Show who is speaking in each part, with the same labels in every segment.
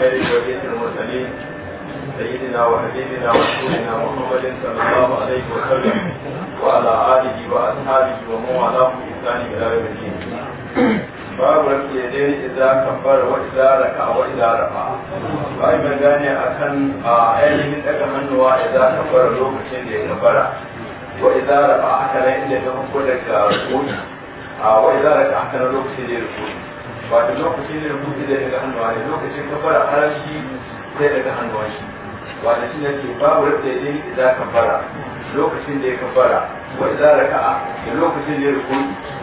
Speaker 1: خير البرية المرسلين سيدنا وحبيبنا ورسولنا محمد صلى الله عليه وسلم وعلى آله وأصحابه ومن والاه بإحسان إلى يوم الدين. باب رفع يديه إذا كبر وإذا ركع وإذا رفع. باي جاني أكن آيلي من أكمن وإذا كبر لوك شندي كبر وإذا رفع أكن إلا تفكر لك ركوع وإذا ركع أكن لوك شندي ركوع. wato lokacin da rubutu zai daga hannuwa ne lokacin ka fara harashi zai daga hannuwa shi wato shi ne ke babu rabta yadda ne za ka fara. lokacin da ya ka fara, wa idza raka'a da lokacin da ya ruku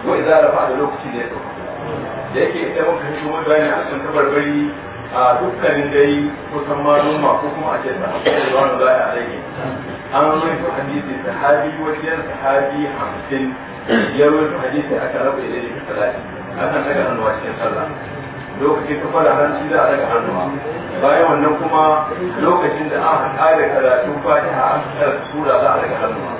Speaker 1: wa idza rafa'a da lokacin da ya ruku da yake idan muka shi mu bayani a cikin kabarbari a dukkanin dai kusan maluma ko kuma a ce da wani za a rage an rufe hadisi sahabi wajen sahabi hamsin ya rufe hadisi aka rabu da ya rufe talatin akan daga hannuwa cikin sallah lokacin kafa da hanci za a daga hannuwa bayan wannan kuma lokacin da aka kare karatun fatiha an fitar sura za a daga hannuwa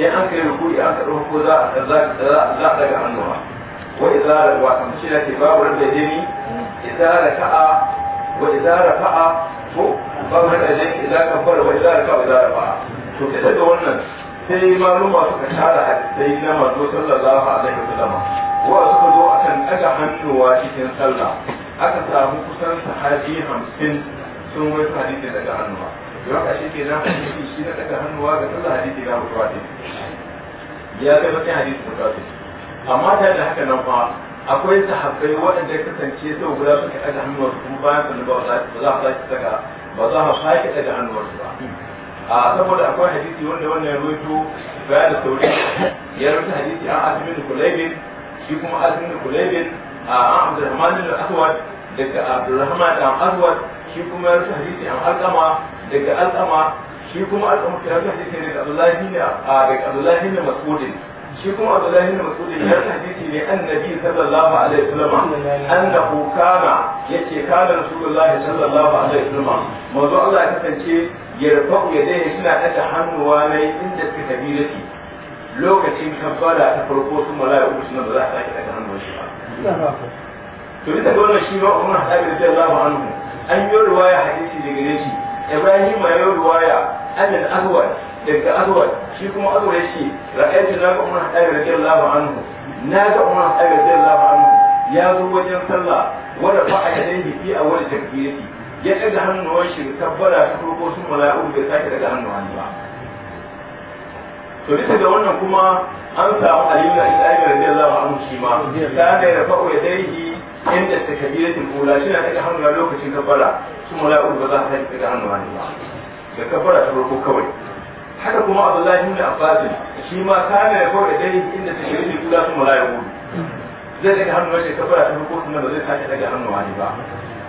Speaker 1: in an kai rukuri an karɓi ko za a daga hannuwa wa idza rawa kan shi da ke babu rabbi jini idza ka'a wa idza rafa'a ko babu rabbi jini idza kabbara wa idza raka'a wa idza to kace da wannan sai maluma suka tara hadisai na manzo sallallahu alaihi wasallam wa suka zo akan daga hannuwa cikin sallah aka samu kusan sahabi 50 sun wai hadisi daga hannuwa yau ka shi ke nan hadisi shi na daga hannuwa ga sallah hadisi na mutuwa ya kai wata hadisi mutuwa ne amma ta da haka nan fa akwai sahabbai waɗanda kasance sau guda suka daga hannuwarsu kuma bayan sallah ba za a sake daga ba za a sake daga hannuwarsu ba a saboda akwai hadisi wanda wannan ya ruwaito bayan da sauri ya ruwaito hadisi an asimin da kulaibin shi kuma asimin da kulaibin a an abdurrahman da aswad daga abdurrahman da aswad shi kuma ya ruwaito hadisi an alkama daga alkama shi kuma alkama ya ruwaito hadisi daga abdullahi ne daga abdullahi ne masudin shi kuma abdullahi ne masudin ya ruwaito hadisi ne annabi sallallahu alaihi wasallam annahu kana yace kana rasulullahi sallallahu alaihi wasallam manzo Allah ya kasance ya yadayhi suna hannu hannuwa na inda suka kabirati lokacin kan kabbala ta farko sun mala'iku suna ba za a sake daga hannuwa shi
Speaker 2: ba
Speaker 1: to bisa ga wannan shi ma Umar Hadabi radiyallahu hannu an yi riwaya hadisi daga gare shi Ibrahim ya yi an annal azwaj daga azwaj shi kuma azwaj yace ra'aytu na Umar Hadabi radiyallahu hannu na ga Umar Hadabi radiyallahu hannu ya zo wajen sallah wanda fa'a yadayhi fi awwal takbirati ya ɗaga hannuwan shi tabbara ta farko sun mala'iku da sake daga hannuwan ba to bisa da wannan kuma an samu aliyu na isa'il radiyallahu anhu shi ma ta da ya fa'o ya daihi inda ta ta kula shi na daga hannuwan lokacin tabbara sun mala'iku ba za ta daga hannuwan ba da tabbara ta farko kawai haka kuma abdullahi ibn abbas shi ma ta da ya fa'o ya daihi inda ta ta kula sun mala'iku zai daga hannuwan shi tabbara ta farko kuma ba zai sake daga hannuwan ba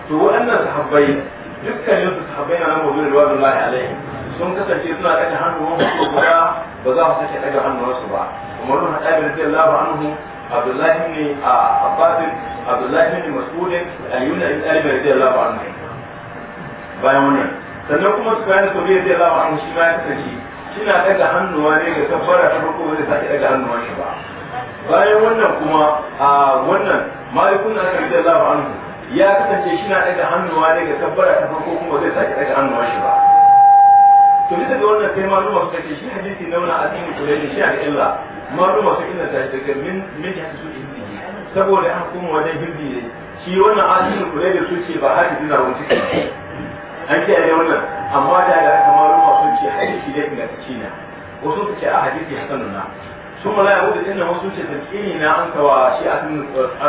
Speaker 1: to waɗannan sahabbai dukkanin su sahabbai na nan mabu da ruwan Allah alaihi sun kasance suna ɗaga hannuwan su guda ba za su sake ɗaga hannuwan su ba kamar ruwan haɗa bin Allah anhu Abdullahi ne a Abbasin Abdullahi ne Mas'udin Ayyuna ibn Ali radiyallahu anhu bayan wannan sannan kuma su bayan su radiyallahu anhu shi ma ya kasance shi na ɗaga hannuwa ne ga kafara ta farko ba zai sake ɗaga hannuwan shi ba bayan wannan kuma a wannan malikun na radiyallahu anhu ya kasance shi na daga hannuwa ne ga tabbara ta farko kuma zai sake daga hannuwa shi ba to bisa ga wannan sai maluma masu kace shi hadisi na wani asibi da shi a illa maluma su inda ta daga min min ya su hindi saboda an kuma wajen hindi ne shi wannan asibi da su ce ba haka dina wani ciki an ce ne wannan amma da ga maluma sun kace hadisi da kina ta cina wasu su ce a hadisi hasanuna sun ba ya wuce inda wasu ce taskini na an kawa shi a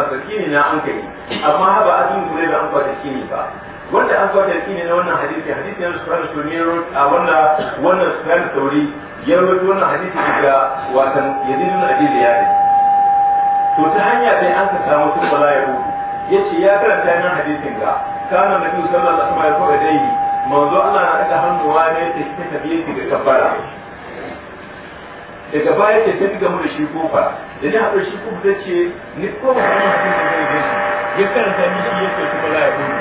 Speaker 1: taskini na an kai amma haba azumin gure da an kawa taskini ba wanda an kawa taskini na wannan hadisi hadisi na sufar suni a wanda wannan sufar sauri ya rubuta wannan hadisi daga watan yazidun ajiyar yare to ta hanya dai an ka mutum sun ba ya wuce ya ce ya karanta nan hadisin ga kana nabi sallallahu alaihi wasallam ya koga dai manzo Allah na daga hannuwa ne ta tafiye ga kafara daga baya ce tafi gamu da shi kofa da na haɗar shi kofa ta ce ni kofa ta yi shi zai zai shi ya karanta ni shi ya ce kuma la ya kuma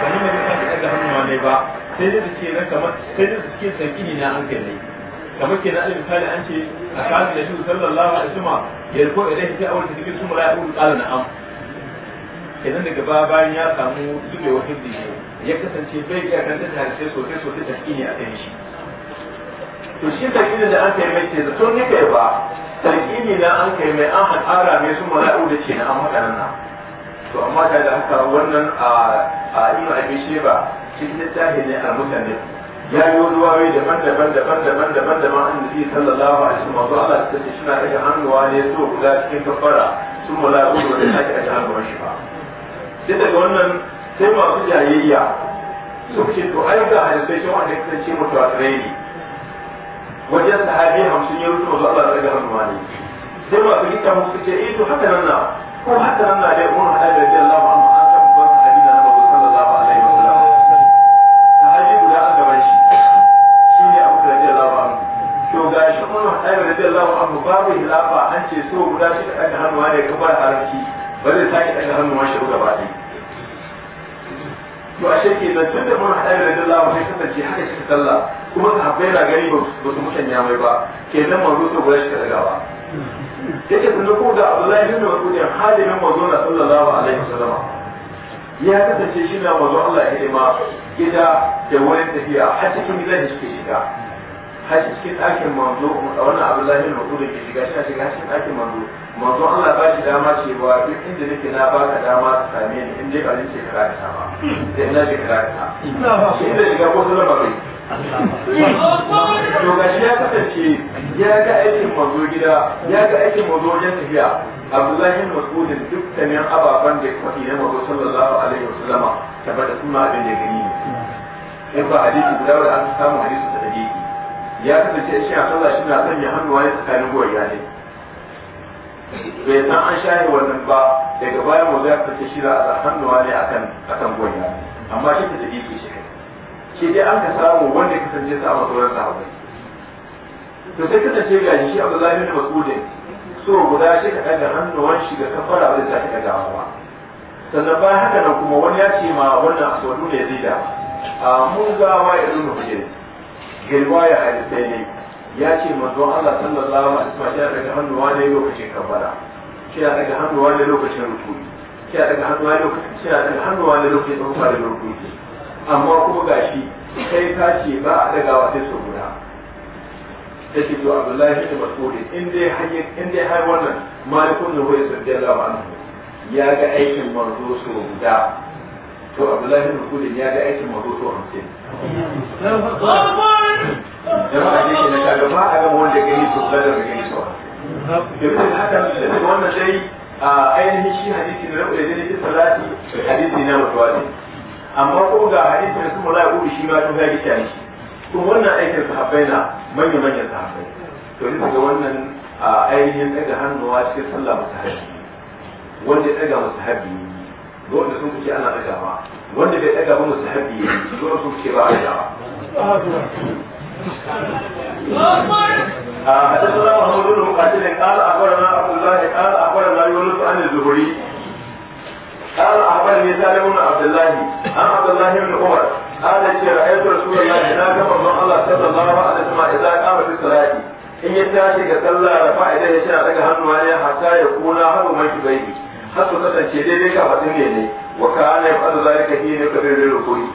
Speaker 1: ba ni mai kasa ɗaga hannuwa ne ba sai da ce na kamar sai da suke sarki na an kai ne kamar kenan alif misali an ce a kafin da shi sallallahu alaihi wasallam ya riko idan ta aure ta cikin su mala ya kuma ƙara am kenan daga baya bayan ya samu zubewar hindi ya kasance bai iya kan da ta harshe sosai sosai tafi ne a kan shi to shi tarkini da an kai mai ce zaton ni kai ba tarkini na an kai mai an hadara mai sun mala'u da ce na an haɗa nan to amma ta da haka wannan a ina abin shi ba cikin littafi ne a mutane ya yi wani wawe daban daban daban daban daban daban an da zai sallallahu alaihi cikin masu Allah ta ce shina ɗaga hannuwa ne so guda cikin kafara sun mala'u da ta sake ajiyar hannuwan shi ba sai daga wannan sai masu jayayya suke to ai ga hadisai shi wanda ya kasance mutuwa ne wajen sahabi hamsin ya rufe masu Allah daga hannuwa ne sai masu gita musu ce eh to haka nan na ko haka nan na dai umar hada da Allah an an san babban sahabi na Annabi sallallahu alaihi wasallam sahabi guda a gaban shi Shi ne Abu Bakar radiyallahu anhu to ga shi umar hada radiyallahu anhu babu hilafa an ce so guda shi daga hannuwa ne kabar haramci ba zai sake daga hannuwa shi gaba ɗaya to ashe ke da tunda mun hada da Allah sai kasance haka shi sallah kuma sahabbai na gani ba su ya mai ba nan mazo ta guda shi ka daga ba yake tunda ko da Abdullahi bin Mas'ud ya halimin manzo na sallallahu alaihi wasallam ya kasance shi na mazo Allah ya hidima gida da wurin tafiya har cikin gidan shi ke shiga har cikin ɗakin manzo wannan Abdullahi bin Mas'ud ke shiga shi shiga cikin ɗakin manzo manzo Allah ba shi dama cewa duk inda nake na baka dama ka same ni in dai ka rince ka ka sama sai na je ka ka sama shi inda shiga ko sallama kai? to ga shi ya kasance ya ga aikin mazo gida ya ga aikin mazo wajen tafiya abdullahi mas'udin dukkanin ababen da kwaɗi na mazo sallallahu alaihi wasallam tabbata sun ma abin da gani ne in ba hadisi guda wanda an samu hadisi ta dage ya kasance shi a sallah shi na sanya hannu wani tsakanin goyi ya ne bai san an shaye wannan ba daga bayan mazo ya kasance shi na hannu ne akan akan goyi amma shi ta dage shi dai an ka samu wanda ya kasance sa ma sauran sahabbai to sai kasance ga shi Abdullahi bin Mas'udin so guda shi ka ɗaga hannuwan shi ga kafara wanda ta daga damuwa sannan bayan haka nan kuma wani ya ce ma wannan aswadu ne zida a mun ga wa ya zuwa fiye girma ya hadisai ne ya ce manzo Allah sallallahu alaihi wasallam ya daga hannuwa ne lokacin kafara shi ya daga hannuwa ne lokacin rukuni shi ya daga hannuwa ne lokacin shi ya daga hannuwa ne lokacin kafara da rukuni amma kuma gashi sai ta ce ba a dagawa sai su guda ta ce to abdullahi da masudi in dai har wannan malikun da wai sun jalla ba anhu ya ga aikin manzo so guda to abdullahi da masudi ya ga aikin manzo so 50
Speaker 2: jama'a
Speaker 1: ne ke na kaga ba a ga wanda gani so da gani so yanzu haka da wannan dai a ainihin shi hadisi da rabu da jini salati hadisi na mutuwa ne amma ko ga hadisi da kuma la'u shi ba tun zai shi shi to wannan aikin sahabbai na manyan manyan sahabbai to bisa ga wannan a ainihin daga hannuwa cikin sallah musahabi wanda ya daga musahabi ne da sun kuke ana daga ba wanda bai daga ba musahabi ne sun kuke ba a daga
Speaker 2: حدثنا
Speaker 1: محمود بن مقاتل قال اخبرنا عبد الله قال اخبرنا يونس عن الزهري قال اخبرني سالم بن عبد الله an abdullahi ibn umar ala ce ra'aytu rasulullahi na ga manzon Allah sallallahu alaihi wasallam idza qama fi salati in ya tashi ga sallah rafa idan ya shira daga hannuwa ne hatta ya kuna har mai bai har su kasance daidai ka fatin ne ne wa kana yaqadu zalika hina kabirin rukuni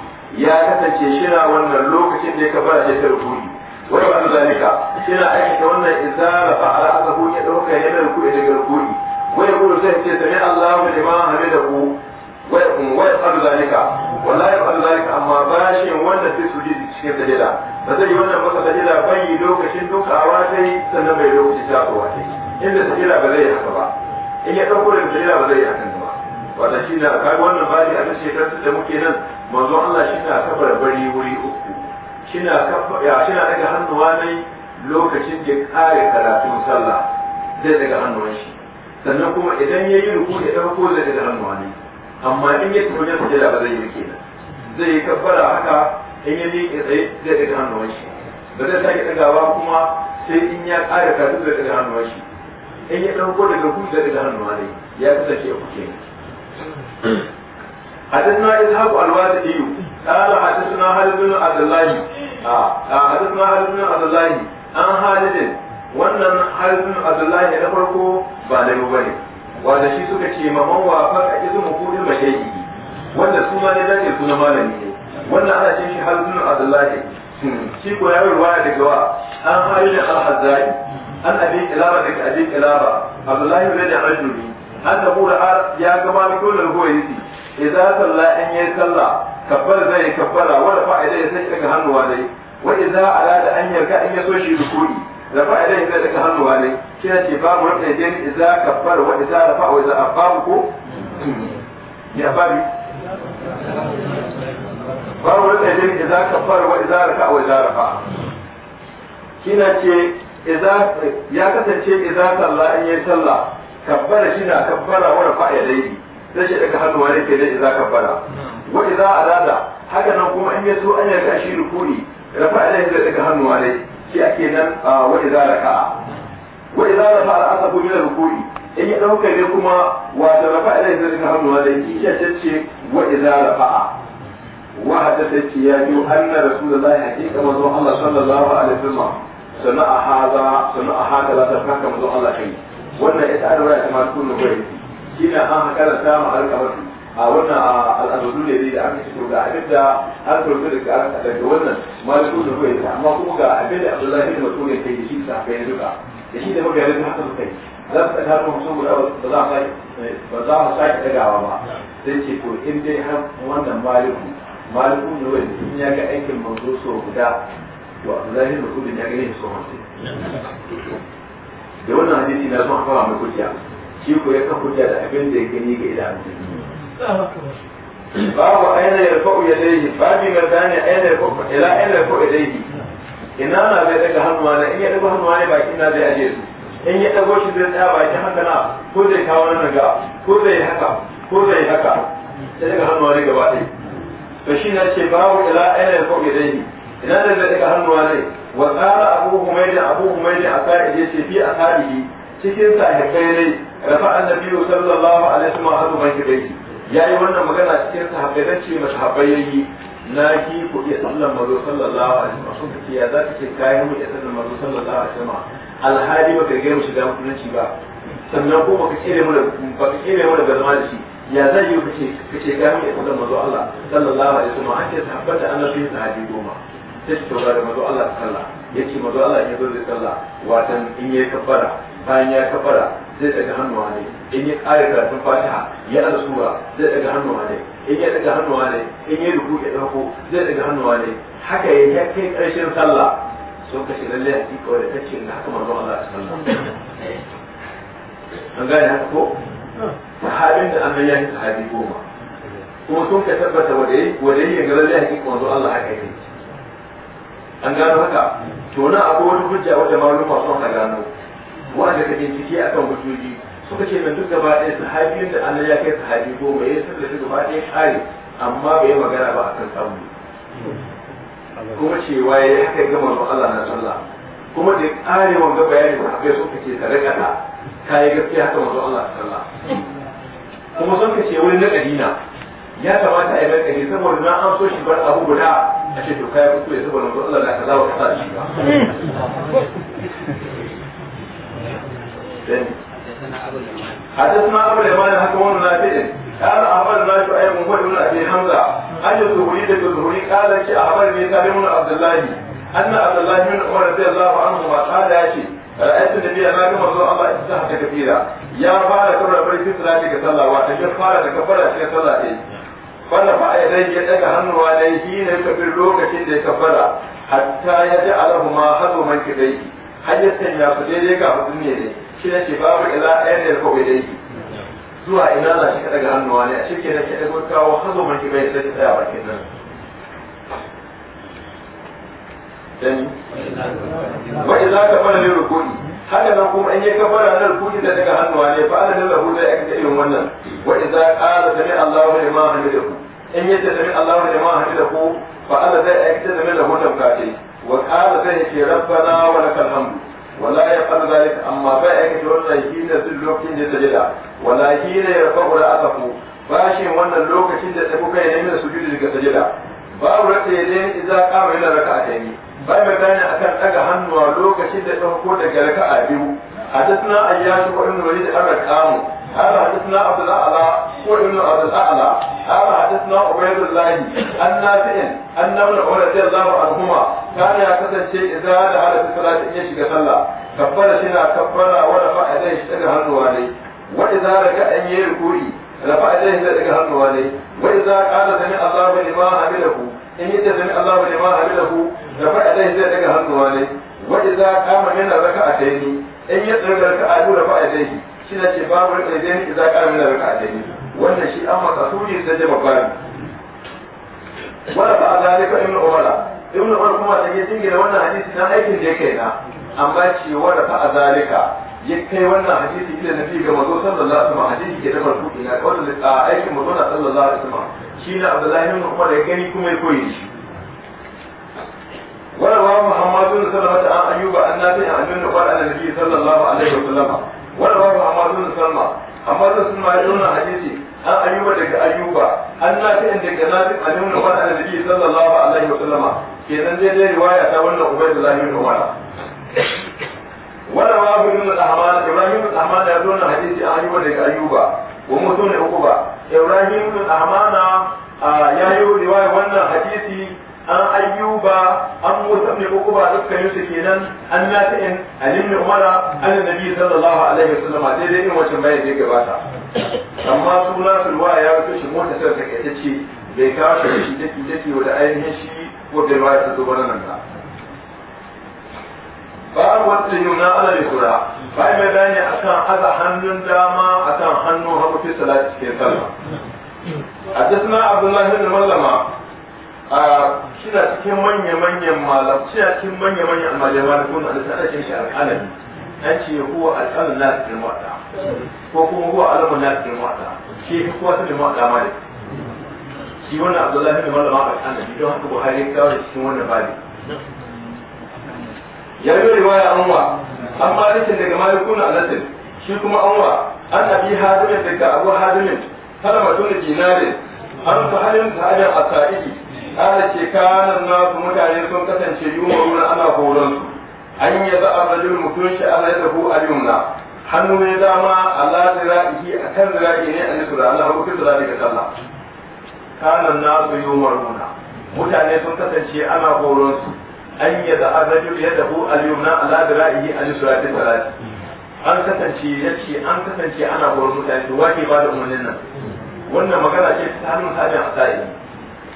Speaker 1: ya kasance shira wannan lokacin da ya kabara ya ta rukuni wa yaqadu zalika shira aikata wannan idza rafa ala asabu ya dauka yana rukuni daga rukuni wa yaqulu sai ce sami Allahu liman hamidahu wa yaqulu zalika wallahi ka amma bashin wanda sai su ji cikin dalila ba zai yi wannan masa dalila bai lokacin dukawa sai sannan bai lokacin ko wace inda dalila ba zai haka ba in ya ɗauko da dalila ba zai yi hakan ba wanda shi na kai wannan shi a cikin kansu da muke nan manzo Allah shi na kafa bari wuri uku shi na kafa ya shi na daga hannuwa ne lokacin da kare karatun sallah zai daga hannuwan shi sannan kuma idan yayi ruku ya ɗauko zai daga hannuwa ne amma in ya tafi wajen sujada ba zai yi kenan zai yi kafara haka in ya miƙe tsaye zai daga hannuwan shi ba zai sake ɗagawa kuma sai in ya ƙara karatu zai daga hannuwan shi in ya ɗauko daga ku zai daga hannuwa ne ya kasance a kuke حدثنا إسحاق الواسطي قال حدثنا خالد بن عبد الله حدثنا خالد بن عبد الله عن خالد wannan halin abdullahi na farko ba na ba ne wanda shi suka ce maman wa faka izmu kullu mashayi wanda su ma ne dace suna malami ne wannan ana cin shi halbun abdullahi shi ko ya ruwaya daga wa an hayyul al-hazari an abi ilaba daga abi ilaba. abdullahi bin rajuli annahu ra'a ya ga malikul al-huwaisi idza Sallah an yayi sallah. kabbara zai kabbala wa rafa'a ilayhi sai daga hannuwa dai wa idza da an yarka an yaso shi rukuni rafa ilai zai daga hannuwa ne shi ya ce babu rafa idin idza kabbara wa idza rafa wa idza aqama ko ya babu
Speaker 2: babu rafa idin idza
Speaker 1: kabbara wa idza rafa wa idza rafa kina ce ya kasance idza sallah in yayi sallah kabbara shi na kabbara wa rafa ilai Zai shi daga hannu ne ke zai idza kabbara wa idza arada haka nan kuma in yaso an yarka shi rukuni rafa ilai zai daga hannu ne shi ake nan wa idza raka'a wa idza rafa'a al-asabu min al-ruku'i in ya dauka ne kuma wa da rafa'a da zai ka hannu da kisha tace wa idza rafa'a wa hadatha ya bi anna rasulullahi hakika manzo Allah sallallahu alaihi wasallam sana'a hadha a hadha la tafaka manzo Allah kai wannan ita da ra'ayi ma kullu shi kina an hakala ta ma alƙawari a wannan al'adu da da aka ci ga abin da an karbi da ka daga wannan maliku da ruwa amma kuma ga abin da Abdullahi bin Mas'ud ya kai shi sa kai duka da shi da magana da haka kai za ka ta kuma sun guda ba za ka ba za ka sake dagawa ba sai ce ko in dai har wannan maliku maliku ne wanda in ya ga aikin manzo so guda to Abdullahi bin Mas'ud ya ga ne so da wannan hadisi na son fara mai kuciya shi ko ya kan hujja da abin da ya gani ga idanu babu aina ya fa'u yarfa'u yadayhi babu mazani aina yarfa'u ila aina ya yadayhi ina na zai daga hannu na in ya daga hannu ne baki na zai aje su in ya dago shi zai tsaya baki haka na ko zai kawo nan ga ko zai haka ko zai haka sai daga hannu ne gaba ɗaya to shi na ce babu ila aina ya yadayhi ina da zai daga hannuwa ne wa tsara abu humaydin abu humaydin a sa'id ya ce fi a sa'ihi cikin sahibai ne rafa annabi sallallahu alaihi wa sallam a hadu man kidai ya yi wannan magana cikin sahabbai zan ce masa habbai yayi na ki ku iya sallan mazo sallallahu alaihi A sun kace ya zaka ce kayan mu iya sallan mazo sallallahu alaihi wasallam alhali ba riga mu shiga mutunci ba sannan ko baka kire mu da baka kire mu da da shi ya zai yi kace kace kayan mu iya sallan mazo Allah sallallahu alaihi wasallam an ce sahabbata annabi sahabi goma sai ta taura da mazo Allah Ya yace mazo Allah ya zo da sallah watan in ya kafara bayan ya kafara zai daga hannuwa ne in yi ƙara karatun fatiha ya alsura zai daga hannuwa ne in yi daga hannuwa ne in yi ruku ya dauko zai daga hannuwa ne haka ya ya kai ƙarshen sallah sun kashe lallai hakika wadda ta ce na haka manzon Allah a sallah an gane haka ko sahabin da an ya yi sahabi goma kuma sun ka tabbata wadda yi ga lallai hakika manzon Allah haka yi an gano haka to na abu hujja wadda maluma sun ka gano wanda kake ciki akan hujjoji suka ce mai duk gaba ɗaya sahabiyun da Allah ya kai sahabi goma ya sirri da gaba ɗaya kare amma bai magana ba akan tsamu kuma ce cewa ya haka gama ba Allah na sallah kuma da kare wanga bayani ba bai suka ce ka tare kata kai gaskiya haka manzo Allah sallah kuma sun ka ce wani na kadina ya kamata a yi mai kadina saboda na an so shi bar abu guda a ce to kai kuskure saboda manzo Allah na kaza wa kaza shi ba حدثنا ابو اليمان حكمون بن نافع قال اخبرنا شعيب بن بن ابي حمزه قال الزهري بن الزهري قال شيء اخبرني سالم بن عبد الله ان عبد الله بن عمر رضي الله عنه قال يا رايت النبي أنا كما رضو الله استحق كثيرا يا فارة كبرى في صلاتك صلى وعشان فارة كبرى في صلاتك فرفع يديه دك هنو عليه في يكبر لوكة يكبر حتى يجعلهما من كبيه حيث يا صديقك في الدنيا shi na ce babu ila ɗaya da kawai dai zuwa ina za shi ka daga hannuwa ne a shi ke na ke ɗago kawo hazo mai bai sai ta tsaya bakin nan
Speaker 2: Dan ba ila ka fara lil
Speaker 1: rukuni haka nan kuma in ya fara nan rukuni da daga hannuwa ne ba da lahu da yake da irin wannan wa idza qala sami Allahu liman hamidahu in yace sami Allahu liman hamidahu fa ana da aikata da lahu da kace wa qala sai yake rabbana wa lakal hamdu wala ya fara zalika amma bai aikata wannan hina duk lokacin da sajada wala hina ya fa'u da asafu bashin wannan lokacin da tafi kai ne min sujudi daga sajada babu rata ya dai idza qama ila raka'a dai bai magana akan daga hannuwa lokacin da tafi ko daga raka'a biyu حدثنا اياش وابن الوليد ابا الكام قال حدثنا عبد الاعلى وابن عبد الاعلى قال حدثنا عبيد الله ان نافع ان ابن عمر رضي الله عنهما كان يعتقد اذا دخل في الصلاه ان يشق صلى كبر شنا كبر ورفع يديه اشتغل هنوه واذا ركع ان يركوي رفع يديه اشتغل هنوه واذا قال سمع الله لما حمله in yi ta sami Allahu liman hamilahu da fa alaihi zai daga hannuwa ne wa idza qama min rak'atayn in ya tsirga raka a dura fa a daidai shi na ce babu raka daidai ne za ka amina raka a daidai wannan shi an masa suri da jama bari wala ba a zalika ibnu umara ibnu umar kuma da ya jingina wannan hadisi na aikin da ya kai na amma ce wala ba a zalika ya kai wannan hadisi ila fi ga mazo sallallahu alaihi wasallam hadisi ke da marfu ina wannan aikin mazo na sallallahu alaihi wasallam shi na abdullahi ibn umar ya gani kuma ya koyi shi وروى محمد بن سلمة عن أيوب عن نافع عن ابن قال عن النبي صلى الله عليه وسلم وروى محمد بن سلمة محمد بن سلمة يقولون حديثي عن أيوب دك أيوب عن نافع دك نافع عن ابن قال عن النبي صلى الله عليه وسلم كذا دي رواية تولى عبيد الله بن عمر ورواه ابن الأحمد إبراهيم بن الأحمد يقولون حديثي عن أيوب دك أيوب ومسلم عقبة إبراهيم بن الأحمد ya yi riwaya wannan hadisi an ayyuba an musa mai ukuba dukkanin su kenan an nafi'in an umara an nabi sallallahu alaihi wasallam daidai in wacin bayan da gabata amma suna ruwa ya wuce shi mota sai ta kai ce bai kawo shi shi dake dake da ainihin shi bai ba ya zo bana nan ba ba wanda yuna ala yura ba mai a kan aza hannun dama kan hannun hagu fi salati ke sallama a jisna abdullahi bin mallama. shida cikin manya-manyan malam shida cikin manya-manyan malamai da kuma da sadaka shi al'alami an ce huwa al'amun na cikin mata ko kuma huwa alamun na cikin mata shi fi kuwa sanin mata ma ne shi wannan abdullahi bin malama al'alami don haka buhari ya kawo cikin wannan babi ya yi riwaya anwa an malikin daga malikun al'asir shi kuma an wa an abi hadimin daga abu hadimin kalmatun dinarin an ta halin ta hanyar asa'idi kala ce kanan nasu mutane sun kasance wurin ana horon su an yi za a rajul mutum shi ana tafi a yunna hannu ne dama Allah ta ra'ihi a kan ra'i ne a nisura Allah haɓu da za ka sallah kanan nasu yumaruna mutane sun kasance ana horon su an yi za a rajul tafi a yunna Allah ta ra'ihi a nisura ta salati an kasance ya ce an kasance ana horon mutane to wake ba da umarnin nan wannan magana ce ta hannun sajin a sa'i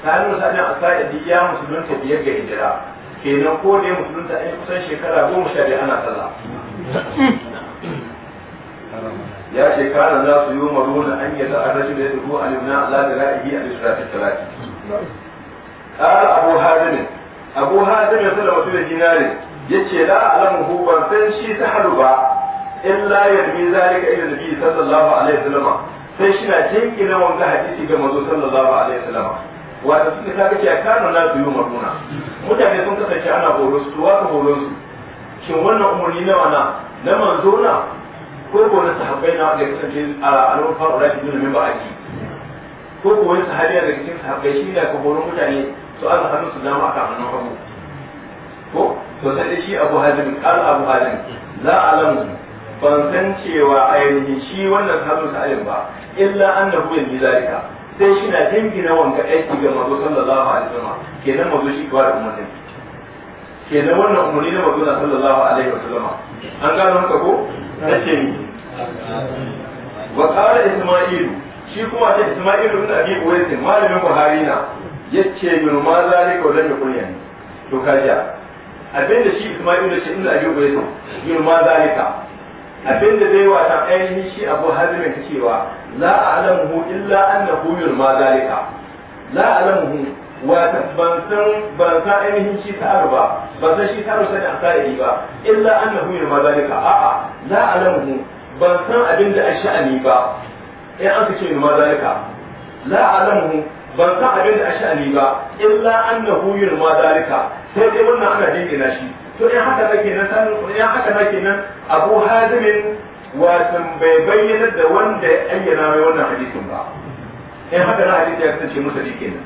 Speaker 1: salihu sa'adin asa'idi ya musulunta biyar ga hijira kenan ko da ya musulunta an kusan shekara goma sha biyar ana sallah ya shekara za su yi maruna an yi za a rashin da ya dubu alimna ala da ra'ihi a lissafi talati ƙara abu hazimin abu hazimin su da wasu da jinari ya ce la alamuhu ban san shi ta halu ba in illa yarmi zalika ila nabi sallallahu alaihi wasallam sai shi na jinkina wanda hadisi ga mazo sallallahu alaihi wasallam wata suke ta kace a kanu na su yi maruna mutane sun kasance ana horo su tuwa ka horo su shin wannan umarni nawa na na manzo na ko ko na sahabbai na da kasance a al'umma da shi ne ba aji ko ko wani sahabiya da cikin sahabbai shi ne ka horo mutane su azu hannu su dama aka hannun hagu ko to sai shi abu hazin kala abu hazin la alamu ban san cewa ainihin shi wannan sahabin sa'alim ba illa annahu yanzu zalika sai shi na na wanka aiki ga mazo sallallahu alaihi wasallam kenan mazo shi kawai umarnin kenan wannan umarni na mazo na sallallahu alaihi wasallam an gano haka ko nace ni wa qala isma'il shi kuma ta isma'il ibn abi uwaisin malamin buhari na yace min ma zalika wala yakunya to kaja abinda shi isma'ilu ce ibn abi uwaisin min ma zalika abinda zai wata ainihin shi abu hazmin ta cewa la a'lamuhu illa annahu yurma zalika la a'lamuhu wata ban san ban san ainihin shi ba ban san shi ta'aru sai an sa'i ba illa annahu yurma zalika a'a la a'lamuhu ban san abinda ash'ani ba in an ce yurma zalika la ban san abinda ash'ani ba illa annahu yurma zalika sai dai wannan ana dingina shi to in haka ake nan san in haka nake nan Abu Hazim watan bai bayyana da wanda ya ayyana mai wannan hadisin ba in eh, haka na hadisi ya kasance musa kenan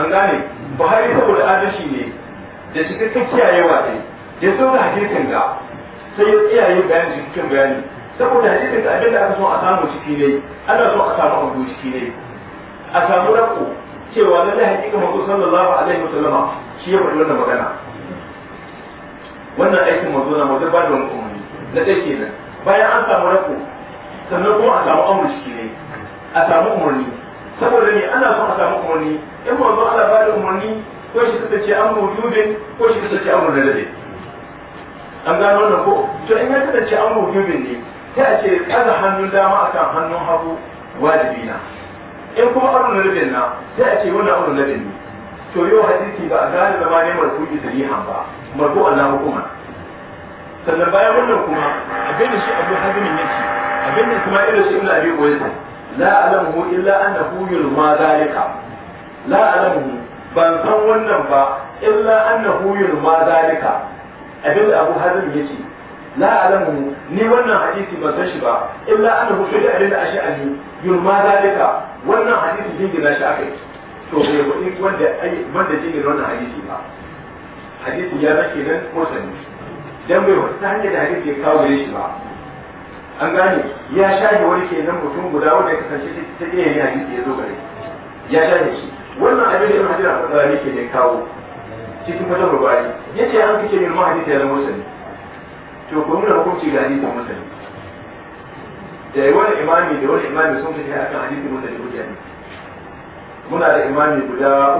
Speaker 1: an gane Buhari saboda adashi ne da cikin ta kiyayewa ne ya da hadisin ga sai ya kiyaye bayan cikin bayani saboda hadisin da abin da aka so a samu ciki ne ana so a samu abu ciki ne a samu rako cewa lallai hakika manzo sallallahu alaihi wasallama shi ya faɗi wannan magana wannan aikin mazo na mazo ba da wani umarni na ɗaya nan bayan an samu rako sannan kuma a samu amur shi ne a samu umarni saboda ne ana son a samu umarni in mazo ana ba da umarni ko shi ce an mujubin ko shi ce an mujubin an gano wannan ko to in ya kasance an mujubin ne sai a ce kaza hannun dama akan hannun hagu wajibi na in kuma abu na rabin na sai a ce wannan abu na ne to yau hadisi ba a gane zama ne marfu'i sarihan ba marfu Allah hukuma sannan bayan wannan kuma abin da shi Abu Hazim yake abin da Isma'il shi Ibn Abi Uwais la alamu illa annahu yulma zalika la alamu ban san wannan ba illa an annahu yulma zalika abin da Abu Hazim yake la alamu ni wannan hadisi ban san shi ba illa an annahu shay'an da ash'ani yulma zalika wannan hadisi jingina shi akai to bai wani wanda wanda jini wannan hadisi ba hadisi ya zake nan mursali dan bai ta hanyar da hadisi ya kawo gare shi ba an gane ya shahi wani kenan mutum guda wanda ya kasance ta iya yin hadisi ya zo gare ya shahi shi wannan abin da Ibn a al-Asqalani ke ne kawo cikin wata rubani yace an fi ne ma hadisi ya zama mursali to ko mun hukunci ga hadisi mursali da wani imami da wani imami sun fi kace akan hadisi mursali hujja ne muna da imani guda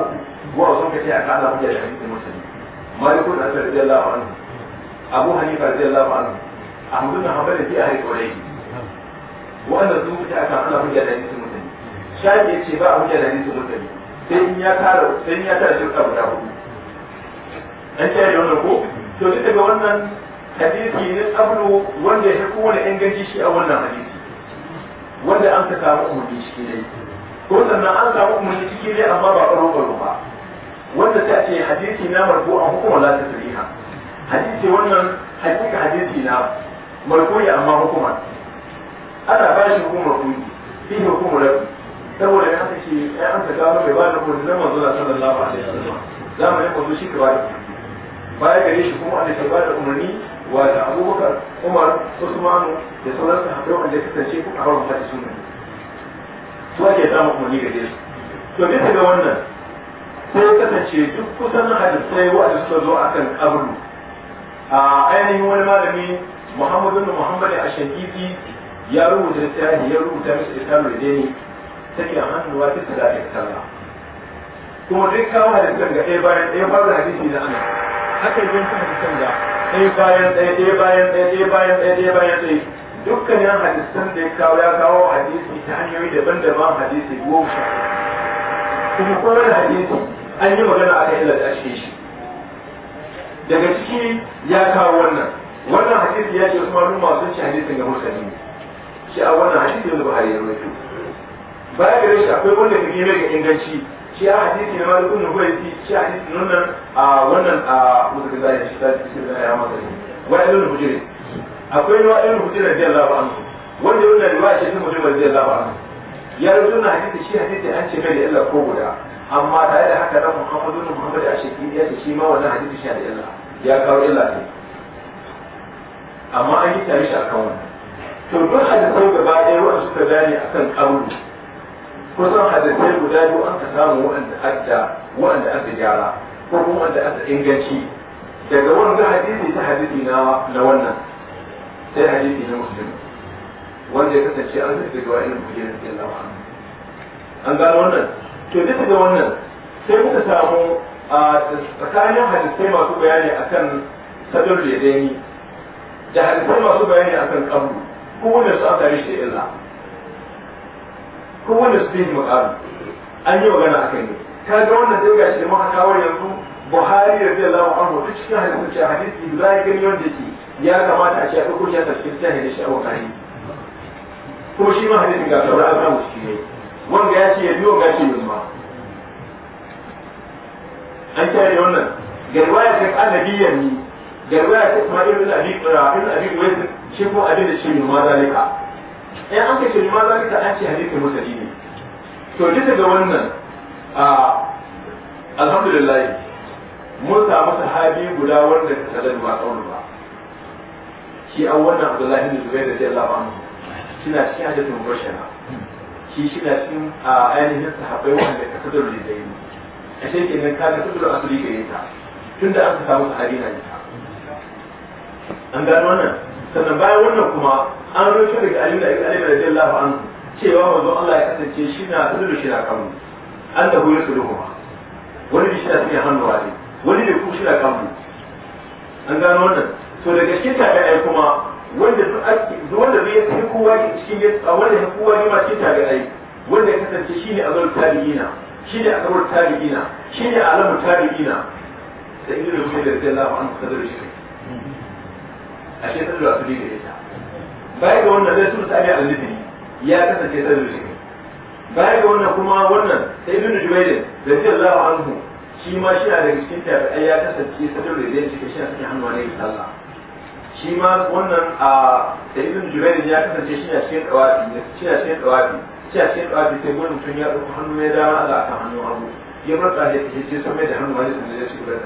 Speaker 1: uku wa sun kace a kana hujja da hadisin musulmi maliku da asar radiyallahu anhu abu hanifa radiyallahu anhu ahmadu bin hanbal fi ahli qawli wanda sun kace aka kana hujja da hadisin musulmi shafi yace ba hujja da hadisi musulmi sai ya tara sai ya tara shirka da hudu an ce da wannan ko to duk da wannan hadisi ne tsablu wanda ya fi kowane inganci shi a wannan hadisi wanda an ka samu umarni shi ne ko sannan an samu cikin ne amma ba karo karo ba wanda ta ce hadisi na marfu an hukuma la tasriha hadisi wannan hakika hadisi na marfu ya amma hukuma ana ba shi hukumar kuɗi fi hukumar rabi saboda ya haka shi ya an saka bai ba da kuɗi na manzo sallallahu alaihi wasallam zamanin manzo shi ka ba da baya gare shi kuma an ta ba da umarni wa da abubakar umar usmanu da sauran sahabbai wanda ya kasance kuma a rawar hadisi su ake samun umarni ga jesu, to bisa ga wannan sai kasance duk kusan sai wa'anda suka zo a kan kabru a ainihin wani malami Muhammadu bin Muhammad Ashankifi ya rubuta littafi ya rubuta masa Islam da dai take hannuwa ta da sallah kuma duk kawo hadisan ga ɗaya bayan ɗaya babu hadisi da ana haka yin hadisan ga ɗaya bayan ɗaya ɗaya bayan ɗaya ɗaya bayan ɗaya ɗaya bayan ɗaya dukkanin hadisan da ya kawo ya kawo hadisi ta hanyoyi daban-daban hadisi goma kuma kowane hadisi an yi magana aka illar da ake shi daga ciki ya kawo wannan wannan hadisi ya ce wasu malum masu ci hadisin ga musulmi shi a wannan hadisi yanzu Buhari ya rubuta baya gare shi akwai wanda ka gina ga inganci shi a hadisi na malikun na huwaiti shi a hadisi nan a wannan a musulmi zai shi ta shi da ya masa ne wa'ilun hujjiri akwai irin mutum radiyallahu anhu wanda wannan riwaya ce ta mutum radiyallahu anhu ya rubuta na hadisi shi hadisi an ce bai da illa ko guda amma tare da haka dan Muhammadu ibn Muhammad ashaki ya ce shi ma wannan hadisi shi da illa ya kawo illa ne amma an yi tare shi kan wannan to duk hadisai gaba ɗaya wanda suka gane a kan kauru kusan hadisai guda biyu an ka samu wanda aka wanda adda gyara ko kuma wanda aka inganci daga wannan hadisi ta hadisi na wannan sai hadisi na muslim wanda ya kasance an zai daga wa'in mutum da ke lawa an gano wannan to duk da wannan sai muka samu a tsakanin hadisai masu bayani akan sadar da yadani da hadisai masu bayani akan kabru kowane su aka rishi illa kowane su fiye makaru an yi magana akan ne ka ga wannan sai ga shi da muka yanzu buhari da zai lawa an hoto cikin hadisai hadisi guda ya gani wanda ke ya kamata a ce a ɗauko shi a tafsir da shi a wakari ko shi ma hadisin ga saura an samu ciki ne wanda ya ce ya biyo ga ce yunwa an kyare wannan garwaya ta annabiyyan ni ya ta kuma irin abi irin kuma wai shi ko abin da shi yunwa zalika in an ka ce yunwa zalika an ce hadisin musali ne to duka ga wannan alhamdulillah mun samu sahabi guda wanda ta zama ba shi an wannan abdullahi da zubair radiyallahu anhu shina cikin hadisin mubassara shi shina cikin ainihin sahabbai wanda ka da dai a shi kenan ka ga sadar asali gare ta tunda an samu sahabi na ita an gano wannan sannan bayan wannan kuma an rufe daga alim da ibn alim radiyallahu anhu cewa manzo Allah ya kasance shi na sadar shi na an da hore su wani da shi cikin hannuwa ne wani da an gano wannan to daga cikin ai kuma wanda duk aski wanda zai yi kowa cikin ya wanda ya kowa ne ma cikin ai wanda ya kasance shine azal tabi'ina shine azal tabi'ina shine alam tabi'ina da ibnu rubi da radiyallahu anhu sadar shi a shi sadar asali da ita bai ga wannan zai sulta ali al-libri ya kasance da shi bai ga wannan kuma wannan sai ibnu jubayr radiyallahu anhu shi ma shi a daga cikin tabi'ai ya kasance sadar da zai cika shi a cikin hannuwa ne sallah shi ma wannan a ibn jubair ya kasance shi ne cikin ne shi ne cikin dawafi shi ne cikin dawafi sai wani tun ya ɗauki hannu ya dama Allah akan hannu hagu ya bar tsaje ta ce sun mai da hannu wani sun zai cikin da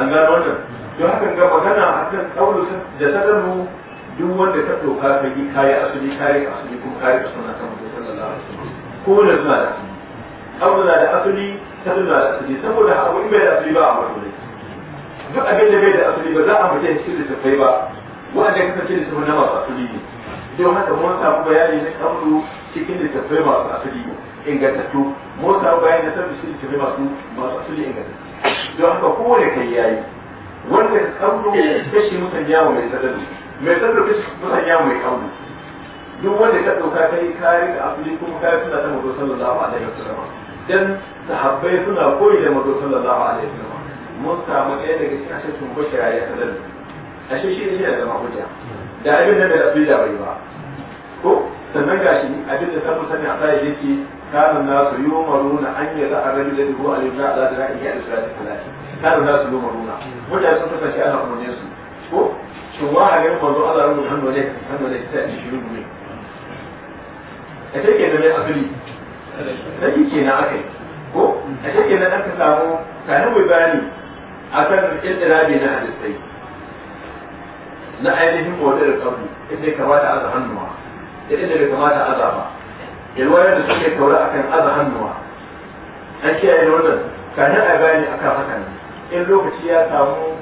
Speaker 1: an gano wannan don hakan ga magana akan kaulu da sadaru duk wanda ka doka ka yi kare asali kare asali kuma kare ka suna kan kama. sallallahu alaihi wasallam ko da zuwa da asali kaulu da asali sadaru da asali saboda abu in bai da asali ba a wani duk abin da bai da asali ba za a mace cikin littattafai ba wanda ya kasance littattafai na masu asali ne don haka mun samu bayani na kamru cikin littattafai masu asali ingantattu mun samu bayani na sabbin cikin littattafai masu masu asali ingantattu don haka kowane kai yayi wanda ka kamru kashi musanya wa mai sadar mai sadar kashi musanya wa mai kamru duk wanda ka ɗauka kai kari da asali kuma kare suna ta mutu sallallahu alaihi wa wasallam dan sahabbai suna koyi da mutu sallallahu alaihi wa wasallam mun samu ɗaya daga cikin ashe sun ya ashe shi ne zama hujja da abin da bai da bai ba ko sannan abin da samu sani a tsaye yake kanun nasu yi maruna an yi za a rabi da dubu a a talati kanun nasu yi maruna sun ana umarnin su ko shin wa a hannu ne hannu ne ta rubu ne a mai akai ko a aka samu kanin bai bayani akan intirabi na hadisai na ainihin kodin kabu inda kamata aza hannuwa da inda bai kamata aza ba da suke kaura akan aza hannuwa an kiyaye da wannan kanin a bayani akan hakan in lokaci ya samu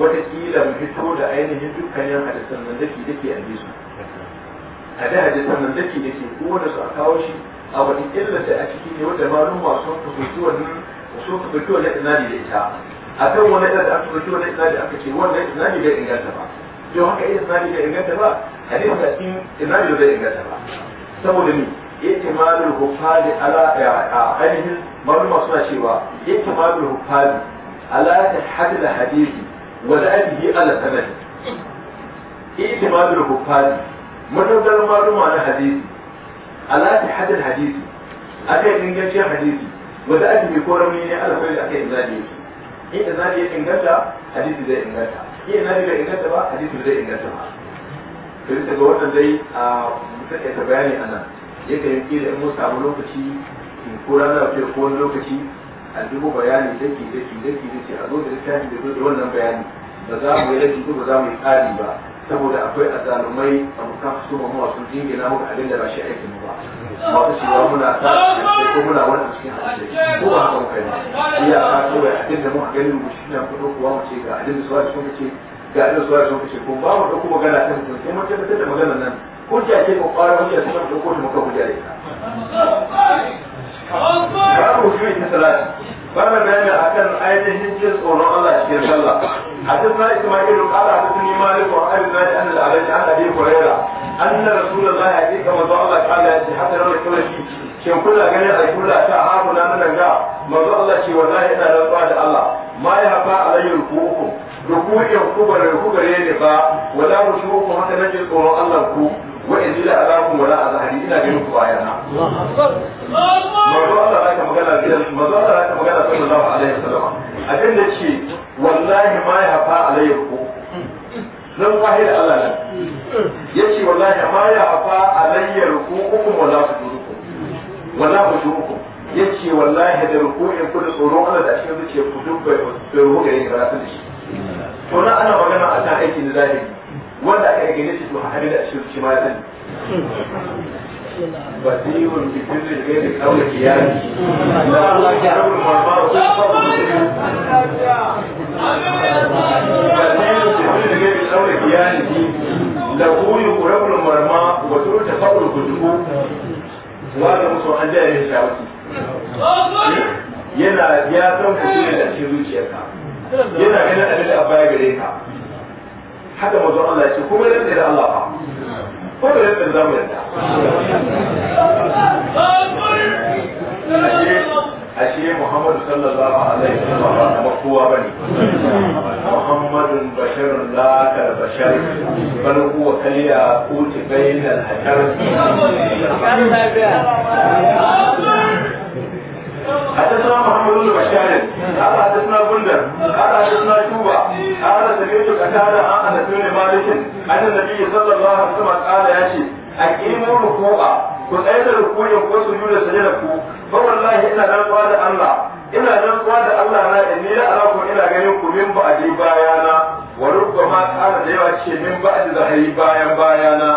Speaker 1: watakila mu fito da ainihin dukkanin hadisan nan dake dake a Jesu. a da hadisan nan dake dake kowane su a kawo shi a wani illa da a ciki ne wanda malum masu kusurtuwa ne su kusurtuwa na inani da ita akan wani da aka dauki wani isnadi aka ce wannan isnadi bai inganta ba to haka idan isnadi bai inganta ba hadisi da cikin isnadi bai inganta ba saboda ni ihtimalul hufadi ala ainihin maluma suna cewa ihtimalul hufadi ala ta tahadil hadisi wa da'atihi ala sanadi ihtimalul hufadi madadar maluma na hadisi ala ta tahadil hadisi akai ingancin hadisi wa da'atihi ko ramini ala sanadi akai inganta inda na ya inganta hadisi zai inganta iya na bai inganta ba hadisi zai inganta ba to bisa ga wannan dai a mutum ta bayani a nan yakan yi kila in mun samu lokaci in ko ranar fiye ko wani lokaci a dubu bayani daki daki daki daki a zo da littafi da zo da wannan bayani ba za mu yi rashi ba za mu yi tsari ba saboda akwai azalumai abokan su mawa sun jingina muka abin da ba shi aikin ba ba da cewa muna ta ko muna wani cikin
Speaker 2: hadisai ko ba haka muka yi iya ka ko ba da muka
Speaker 1: gani mu shi na kudu kuwa mu ce ga hadin da suwa sun kace ga hadin da suwa sun kace ko ba mu da magana kan mutum sai mun tabbatar da maganar nan ko ta ce ko fara hujja sai mu dauko shi muka hujja da ita. Ba mu shi ne ta salati. bana bayani akan ainihin jin tsoron Allah cikin sallah حدثنا اسماعيل قال حدثني مالك وعن ابي مالك An الابي عن ابي هريره ان رسول الله يأتيك وضع الله تعالى يأتي حتى لو يكون shi. shin kuna gani a kula ta hamu na nan ga manzo Allah ce wallahi ina rantsuwa da Allah ma ya hafa alayhi rukuku rukuku ku bare ku gare ne ba wala rushuku haka nake tsoron Allah ku wa in jila alakum wala azhari ina ganin ku bayana manzo Allah zaka magana gidan manzo Allah zaka magana sallallahu alaihi wasallam abin da ce wallahi ma ya fa alaikum nan wahid Allah ne yace wallahi ma ya fa alayya rukukum wala sujudukum wala khushukum yace wallahi da ruku'in ku da tsoron Allah da cikin zuciya ku duk bai ruhu gare ni ba na shi to na ana magana a ta aiki na zahiri wanda aka gane shi to hakari da shi shi ma ya sani basirun bi kulli ghairi qawli qiyam la Allah ya rabu wa ba wa basirun bi kulli ghairi qawli qiyam lahu koyi al-marma wa turtafa al-kutubu wa ga musu an da ya shawo yana ya san kusurin da cikin zuciyarka yana ganin abin da abaya gare ka haka mazo Allah ce kuma yadda da Allah ba ko da yadda za mu yadda ashe Muhammadu sallallahu alaihi wasallam ba kowa bane Muhammadun basharun la kal bashar bal huwa kaliya quti bainal hajar
Speaker 2: حدثنا محمد بن بشار
Speaker 1: قال حدثنا بندر قال حدثنا شوبه قال سمعت قتاده عن انس بن مالك ان النبي صلى الله عليه وسلم قال يا شيخ اقيموا الركوع ku tsaye da rukunin ko su jure su da ku ba ina rantsuwa da Allah ina rantsuwa da Allah na in ni alaku ina ganin ku min ba bayana wa rubba ma da yawa ce min ba da zahiri bayan bayana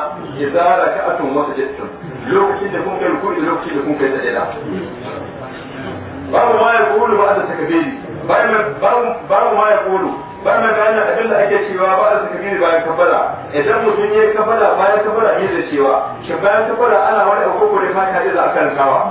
Speaker 1: idza raka'atun wa sajadtum lokacin da kun kai rukuni lokacin da kun kai sajada babu ma ya kulu ba da takabiri babu ma ya kulu ba mai gane abin da ake cewa ba da takabiri ya kafara idan mutum ya yi ba ya kafara ne da cewa shi ya kafara ana wani abubuwa da ma ka iya za a kan kawa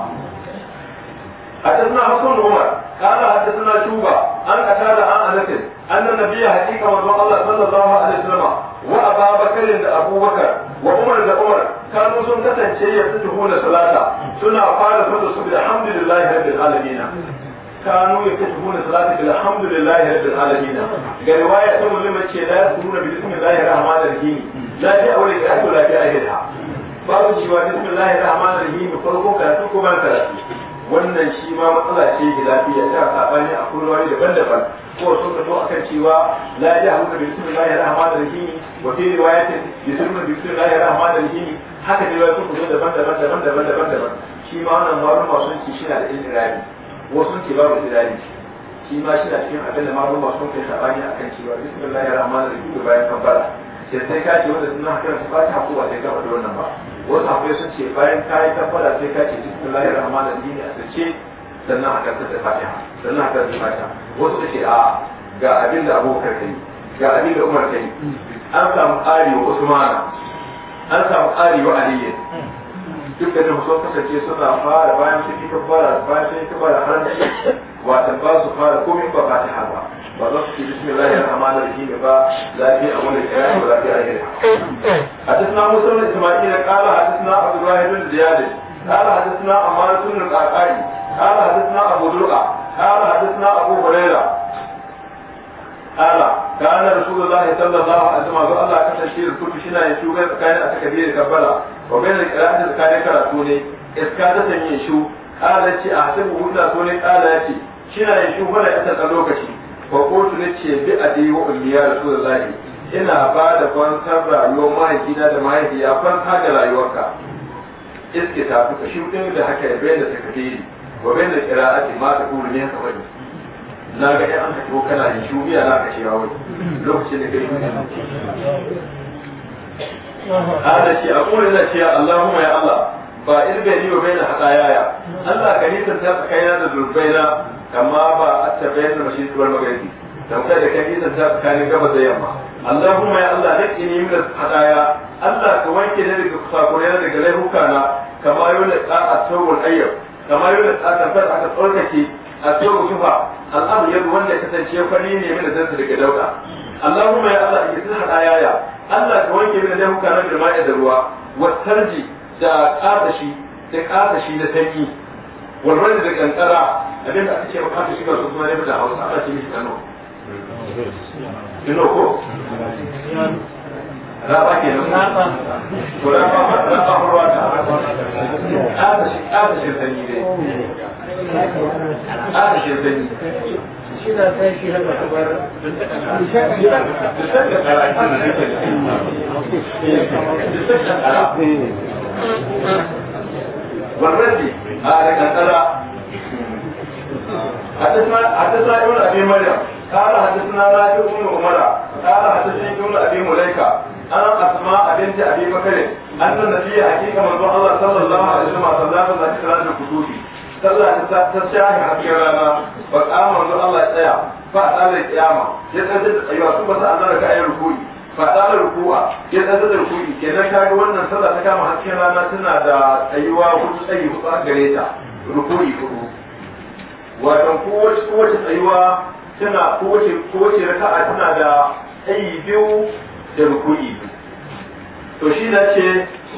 Speaker 1: حدثنا حسن بن عمر قال حدثنا شوبة عن قتادة عن أنس أن النبي حقيقة وزن الله صلى الله عليه وسلم وأبا بكر أبو بكر وعمر ده عمر كانوا سن كتنشي يفتحون صلاة سنة قال فتح الحمد لله رب العالمين كانوا يكتبون صلاة الحمد لله رب العالمين رواية مسلمة لا يذكرون بسم الله الرحمن الرحيم لا في أول كأس ولا في آخرها babu cewa bismillahir rahmanir rahim farko karatu ko ban karatu wannan shi ma matsala ce ga lafiya ta sabani a kullum daban-daban ko sun ka zo akan cewa la ya hamuka bi bismillahi rahmanir rahim wa fi riwayatin yusiruna bi bismillahi rahmanir rahim haka ne wasu ku zo daban-daban daban-daban daban-daban shi ma wannan maruma sun ci shi na da ilmi wasu ke babu ilmi shi ma shi na cikin abin da maruma sun kai sabani akan cewa bismillahi rahmanir rahim da bayan kabbara sai sai ka ce wanda suna karanta fatiha ko ba sai ka faɗi wannan ba wasu akwai sun ce bayan ka yi tabbata sai ka ce cikin bismillahir rahmanir rahim a sace sannan a da fatiha sannan a karanta fatiha wasu su ce a ga abin da ka yi ga abin da umar yi an samu ƙari wa usmana an samu ƙari wa aliyu duk da sun kasance suna fara bayan sun yi tabbata bayan sun yi tabbata har da watan ba su fara komai ba fatiha ba ba za su ce bismillah ar-rahman ar-rahim ba la a wani al-qiyam wa a fi a qiyam hadithna musa bin isma'il qala hadithna abdullah bin ziyad a hadithna amara bin al-qaqai qala hadithna abu dur'a qala hadithna abu yin قال tsakanin a الله صلى الله عليه bai da الله كتشير كل شنا يشوف كان أتكبير كبلا وبين القراءة كان كراتوني إذ كان تسمي يشوف kala ya ce shi na yin شنا da ولا أتكلم lokaci. wa kotu ne ce bi a dai wa da zaɓi. ina ba da kwantar rayuwar mahaifina da mahaifiya kwanta ga rayuwarka iske ta fuka shudin da haka ya bai da takadiri wa bayyana qira'ati ma ta kuru ne haka wani na ga 'yan ka ko kana yin shubiya na ka shiga wani lokacin da kai hada shi a kullun na ce Allahumma ya Allah ba irbe ni wa haɗa yaya? Allah ka nisan ta tsakanina da zurbaina Amma ba a tabbayin da mashi tuwar magani da kai da kai isa ta tsakanin gabas da yamma Allahumma ya Allah nake nemi min hadaya Allah ka wanke ni daga kusakurai daga laifuka na kama yau da a tsawon ayyau kama yau da tsa'a tsar aka tsarkake a tsawon kufa al'amu ya wanda ya kasance fari ne min da daga dauka Allahumma ya Allah ya tsara hadaya Allah ka wanke da laifuka na da ma'a da ruwa wa tarji da kasashi da kasashi da sanyi warware da kankara abin da aka ce ba kanta shiga su kuma ne da hausa ana ce mishi kano kino
Speaker 2: ko raba ke nan nasa ko raba ba raba ruwa da ada shi
Speaker 1: ada shi zani dai ada shi zani
Speaker 2: shi da sai shi haka kabar da sai
Speaker 1: da والرجل قال كثرة
Speaker 2: حدثنا حدثنا
Speaker 1: ابن ابي مريم قال حدثنا راجع بن عمر قال حدثني ابن ابي مليكه انا اسماء بنت ابي بكر ان النبي حقيقه من الله صلى الله عليه وسلم صلى الله عليه وسلم sallah ta shahi hasken rana ba kama manzo Allah ya tsaya ba a tsarin kiyama ya tsaye da tsayuwa su ba sa an zara ka ayi rukuni fasalar rukuwa ya tsada da rukuyi kenan kaga wannan sallah ta kama hasken rana tana da tsayuwa hudu tsayi hudu a gare ta rukuyi hudu wato kowace kowace tsayuwa tana kowace kowace raka'a tana da tsayi biyu da rukuyi to shi na ce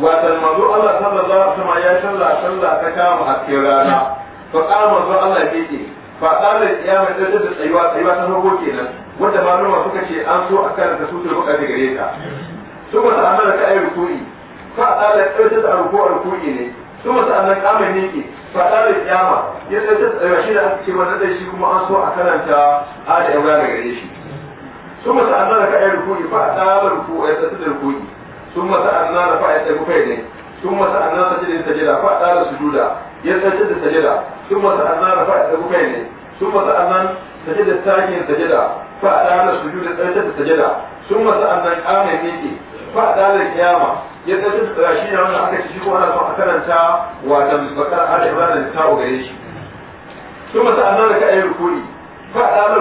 Speaker 1: watan manzo Allah sallallahu alaihi wasallam ya sallah sallah ta kama hasken rana fa kama manzo Allah ya ce fa qala qiyamatu da tsayuwa tsayuwa ta farko kenan wanda malama suka ce an so a karanta su da buƙatar gare ta kuma sa'an da ayi rukuni fa a tsala ɗauke da ruku a rukuni ne kuma sa'an nan kama miƙe fa a tsala kiyama ya tsaye tsaya shi da aka ce wannan dai shi kuma an so a karanta a da yawa daga gare shi kuma sa'an nan ka ayi rukuni fa a tsala ruku ya tsaye da rukuni kuma sa'an nan fa ya tsaye kai ne kuma sa'an nan sajida sajida fa a tsala sujuda ya tsaye da sajida kuma sa'an nan fa ya tsaye kai ne kuma sa'an nan sajida sakin sajida faɗa da su da ɗarshen da sajada sun masu annan ƙamai ne faɗa da kiyama ya ɗarshen da tsirashi ne wanda aka ci ko ana son a karanta wa da musbakar a da ibadan ta o gare shi sun masu annan da ka'ayi rukuri faɗa da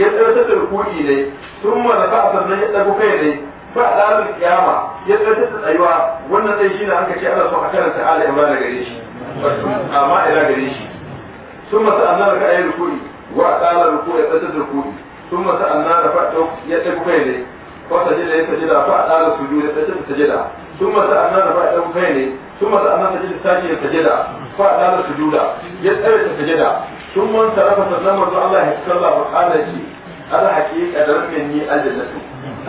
Speaker 1: ya ɗarshen da ne sun masu fa'a sannan ya ɗago kai ne faɗa da kiyama ya ɗarshen tsayuwa wannan ɗai shi ne aka ce ana son a karanta a da ibadan gare shi amma ila gare shi sun masu annan da ka'ayi rukuri wa ƙala rukuwa ya ɗarshen da ثم سألنا رفعته يتب فيني وسجد يسجد فأعلى سجود سجد سجد ثم سألنا رفعته فيني ثم سألنا سجد ساجد سجد فأعلى سجود يتب سجد ثم انصرف سلم الله صلى الله عليه وسلم الحقيقة درمني الجنة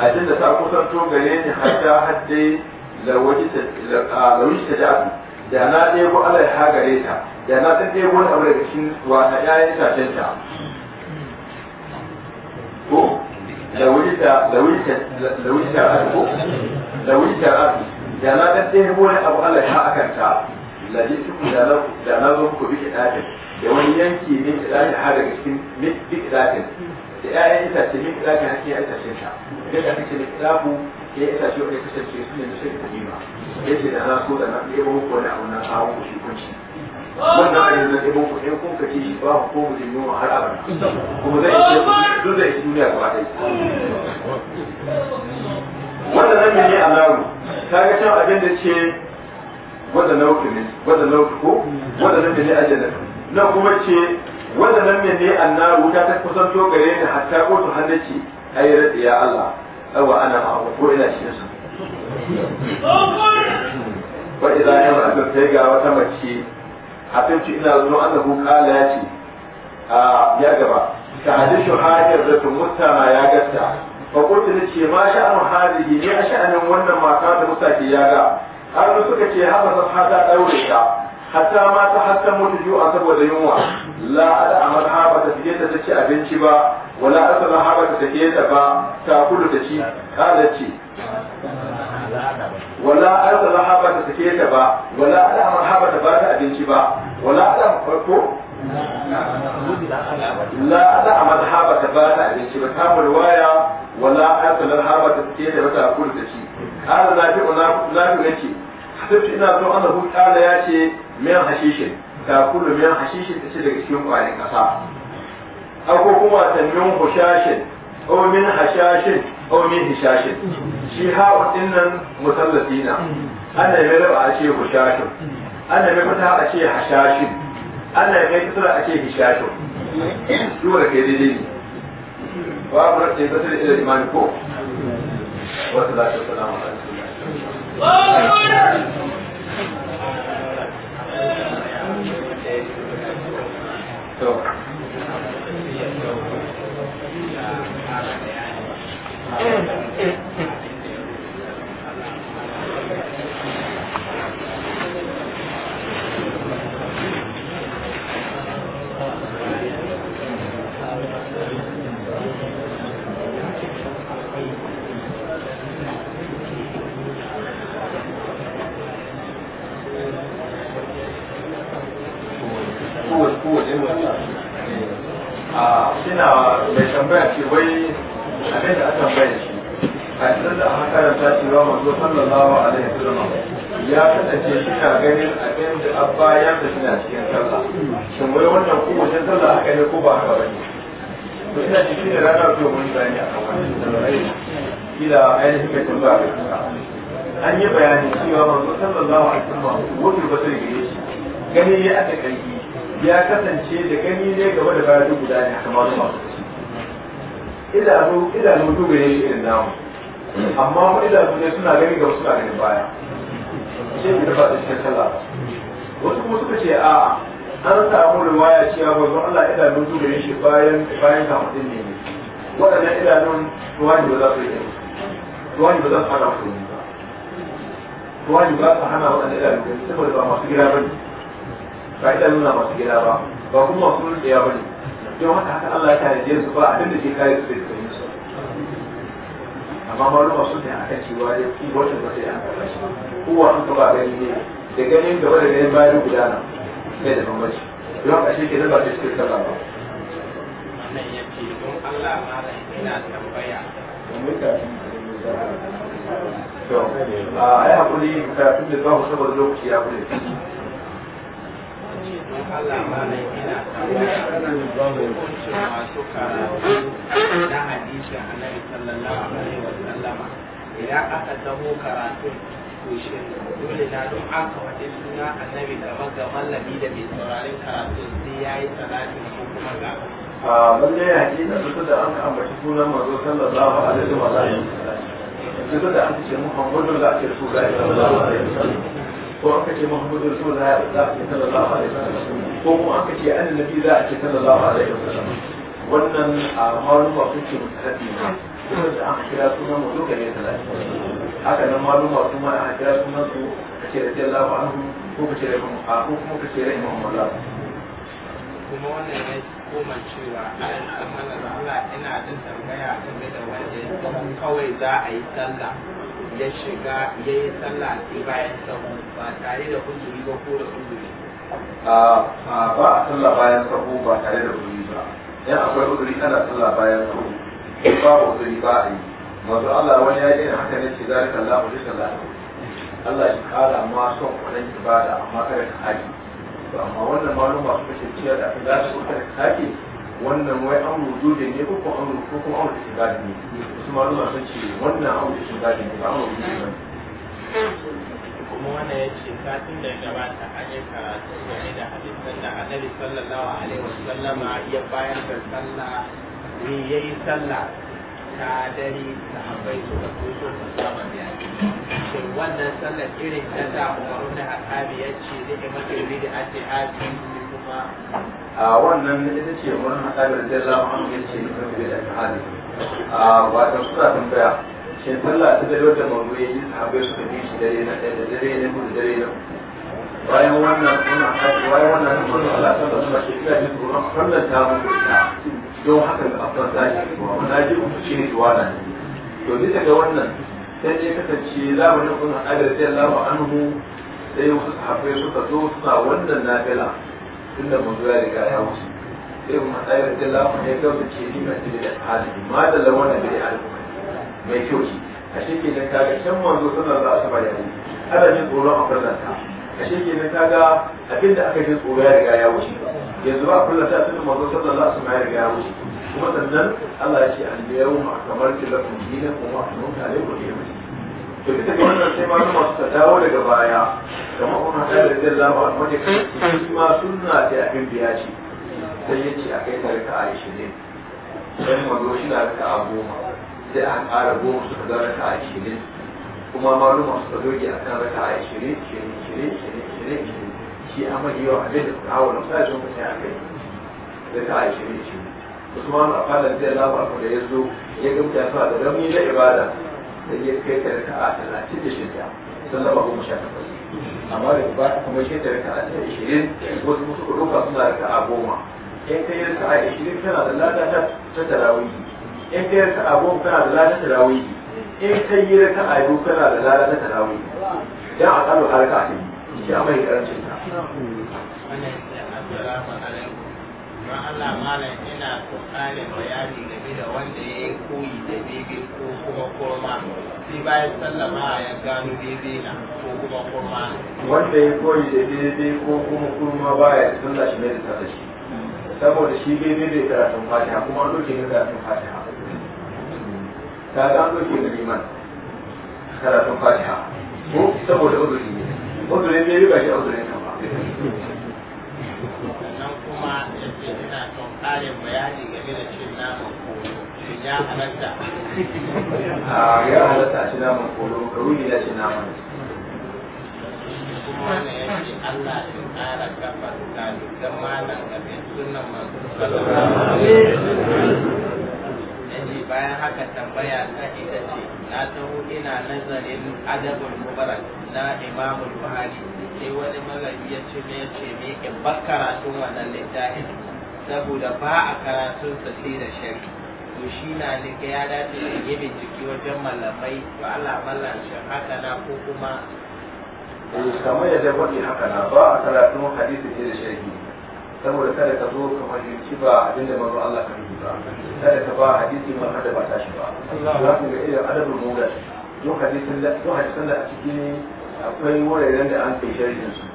Speaker 1: الجنة أقصر توقعين حتى حتى لو وجدت جاءت da na ɗebo Allah ya gare ta da na ɗan ɗebo wani abu daga cikin wata ƴaƴan itacen ta ko abu da na dan sai abu Allah ya akan da na da na zo ku biki ɗakin da wani yanki min da har daga cikin biki dadin da ƴaƴan itace min da dadin hakki ƴaƴan ta da aka ce ne dafu ya itace wanda kasance su ne da shi da kima da na so da na ɗebo ko na auna kawo ku shi kunci wannan abin da ibn ku in kun kake shi ba ku mu dinno har abada kuma zai ce duk zai ci duniya gaba ɗaya
Speaker 2: wannan nan a ne
Speaker 1: alawu kaga cewa abin da ce wanda lauki ne wanda lauki ko wanda nan ne aljanna na kuma ce wanda nan a annaru ta ta kusanto gare ni hatta ko to hannace ayi radi ya Allah awa ana ma ko ina shi su wa idan ya ba ta ga wata mace akan ce ina zuwa annahu qala ya ya gaba ta hadishu hajar da mutana ya gatta fa kuntu nace ma sha'anu hadihi ne a sha'anin wannan mata da mutake ya ga har suka ce haka sa hada daure ta hatta ta mutu ju'a saboda yunwa la ala amal haba ta fiye ta ci abinci ba wala asala haba ta fiye ta ba ta kulu da ci kada ce wala arda rahaba ta take ta ba wala ala marhaba ta ba ta abinci ba wala ala
Speaker 2: farko la ala marhaba ta ba ta abinci ba ta waya
Speaker 1: wala arda rahaba ta take ta ba ta kula da shi ala na lafi'u yace hadisi ina so ana hukala ce min hashishin ta kullu min hashishin ce daga cikin kwarin kasa akwai kuma tanmin hushashin ko min hashashin ko min hishashin shi hawa din nan musallati na ana mai raba a ce hushashin ana mai fata a ce hashashin ana mai kisra a ce hishashin su da ke daidai ne babu rashin kasar ila imani ko wasu lafiya salamu alaikum
Speaker 2: Thank you.
Speaker 1: sallallahu alaihi wasallam ya kasance shi na ganin abin da abba ya da suna cikin sallah shin wai wannan ko wace sallah aka yi ko ba haka bane to ina cikin da rana to mun bayani a kan da wannan kila ainihin kai tambaya ga kuka an yi bayani cewa manzo sallallahu alaihi wasallam wani ba sai gare shi gani ya aka kalbi ya kasance da gani ne gaba da bayani guda ne kamar su idan idan mutu gare shi irin namu amma wani idanu ne suna gani ga suna ganin baya shi ne da ba da cikin sallah wasu kuma suka ce a an samu riwaya cewa manzon Allah idanun su gare shi bayan bayan kamfin ne ne waɗannan idanun ruwani ba za su yi ruwani ba za su hana su yi ba ruwani ba su hana waɗannan idanun gani saboda ba masu gida ba ne ba idanun na masu gida ba ba kuma masu rutsiya ba ne don haka haka Allah ya tare su ba abin da ke kare su amma maluma sun a kan cewa ya ku wata ba sai an karɓa shi kowa an ka gani ne da ganin gaba da ganin bayan gudana sai da bambanci don haka shi ke nan ba ta cikin kaza ba.
Speaker 3: Wannan ya ce don Allah malam ina tambaya.
Speaker 2: To, a yi haƙuri karatun da ba mu saboda lokaci ya bude.
Speaker 3: Allah malam ina tambaya hukuncin masu karatu na hadisi annabi sallallahu alaihi wa sallama idan aka taho karatu to dole na don aka wace suna annabi gaba ga mallami da mai saurarin karatu sai ya yi salati ko kuma
Speaker 1: ga a lalle ya ji da duk da an ambaci sunan manzo sallallahu alaihi wa sallam duk da an ce muhammadu da ake so ga sallallahu alaihi wa sallam ko aka ce muhammadu rasulullah za a ce sallallahu alaihi wasallam ko kuma aka ce annabi za a ce sallallahu alaihi wasallam wannan a malum ba kuke mutaddi ne kuma da aka kira sunan mu duka ne talatin haka nan malum ba kuma aka kira sunan su ka ce radiyallahu anhu ko ka ce a ko kuma ka ce rai muhammadu
Speaker 2: kuma
Speaker 3: wannan ne koma cewa an san mana Allah ina jin tambaya game da wanda kawai za a yi sallah ya shiga ya yi sallah sai bayan sahu ba tare da uzuri ba ko da uzuri ba
Speaker 1: a sallah bayan sahu ba tare da uzuri ba yan akwai uzuri ana sallah bayan sahu ba uzuri ba a yi masu Allah wani ya yi haka ne ce zai kalla mu duka lafi Allah shi kara ma son kwanan ibada amma kada ka haƙi amma wannan malum masu kashe ciyar da aka dace kada ka haƙi wannan wai an wujudi ne ko kuma an ko kuma an wujudi ne su maluma sun ce wannan an wujudi ne ba an wujudi
Speaker 3: ne kuma wannan ya ce kafin da gabata an yi karatu game da hadisan da annabi sallallahu alaihi wasallama ya bayar da sallah ne yayi sallah ta dare ta habai su da kuso ta saman da yaki wannan sallar irin ta da umaru da hakabi ya ce zai mafi da ake haji kuma a wannan
Speaker 1: ita ce wani hadari da Allah an yi ce ta fi da hali a wata suna baya. shin sallah ta dare da mamu ya yi sahabbai suka bi shi dare na ɗaya da dare na biyu da dare na bayan wannan suna hadari bayan wannan ta mutu Allah ta zama shi ina jin tsoron sallar ta mutu ita don haka da aftar zaki kuma na ji mutu ce ne duwana ne to bisa ga wannan sai dai kasance za zamanin kuma hadari da Allah anhu sai wasu sahabbai suka zo suna wannan nafila tunda manzo ya riga ya wuce sai mu tsaya da lafa ne ga su ce ni da hali ma da lawana da hali mai kyau ce a shike ne kaga can manzo sallallahu alaihi wasallam ana jin tsoron a farlanta a shike ne kaga abinda aka ji tsoro ya riga ya wuce yanzu ba a farlanta tunda manzo sallallahu alaihi wasallam ya riga ya wuce kuma sannan Allah ya ce kamar yawma akmaltu lakum dinakum wa atmamtu alaykum ni'mati to bisa ga wannan sai masu masu ta dawo daga baya da ma'auna ta da zai lafa a wani kashi ma suna da abin biya ce sai ya ce a kai ta rika a ishirin sai mazo shi na rika a goma sai an ƙara goma suka zama rika a ishirin kuma maluma su doge a kan rika a ishirin ishirin ishirin ishirin ishirin shi a mafi yawa abin da suka hawa na sa sun kusa a kai rika a shi ne. usman a fadar zai lafa a kuma da ya zo ya gamta sa da rami na ibada da ya kai ta raka a talatin da shida sun zama goma sha takwas amma da ba ta kuma shi ta raka a ishirin wasu musu kuɗuka suna raka a goma in kai raka a ishirin tana da lada ta tarawihi in kai raka a goma tana da lada ta tarawihi in ka yi raka a biyu tana da lada ta tarawihi dan a kalu ka a yi shi a mai karancin
Speaker 3: ta. don Allah malam ina so bayani game da wanda ya yi koyi da bebe ko kuma kurma sai bayan sallama ya gano bebe na ko kuma kurma
Speaker 1: wanda ya koyi da bebe ko kuma kurma baya sallah shi mai da shi saboda shi bebe bai karatun fatiha kuma an doke ne karatun fatiha ta ga an da ne liman karatun fatiha ko saboda uzuri ne uzurin bebe ba shi a ka ba
Speaker 2: kuma da
Speaker 3: ina son ƙarin bayani game da cin naman kolo shin ya halatta a ah, ya halatta cin
Speaker 1: naman kolo karuni ya cin naman
Speaker 2: kuma wannan
Speaker 3: ya ce Allah ya ƙara kafa tsari ga malam game sunan masu
Speaker 2: sallallahu alaihi wasallam
Speaker 3: bayan haka tambaya ta ita ce na taho ina nazarin adabul mubarak na imamul buhari sai wani malami ya ce me ce me ke bar karatun wannan littafin saboda ba a karatun sa sai da shari to shi na ne ga ya dace da yi bincike wajen malamai to Allah mallan shi haka na ko kuma eh,
Speaker 1: kamar yadda wani haka na ba a karatun hadisi sai da shari saboda kada ka zo ka fahimci ba abin da manzo Allah ka rubuta kada ka ba hadisi man hada ba tashi ba za ku ga irin adabul mughash duk hadisin da duk hadisin da a cikin akwai wuraren da an kai sharhin su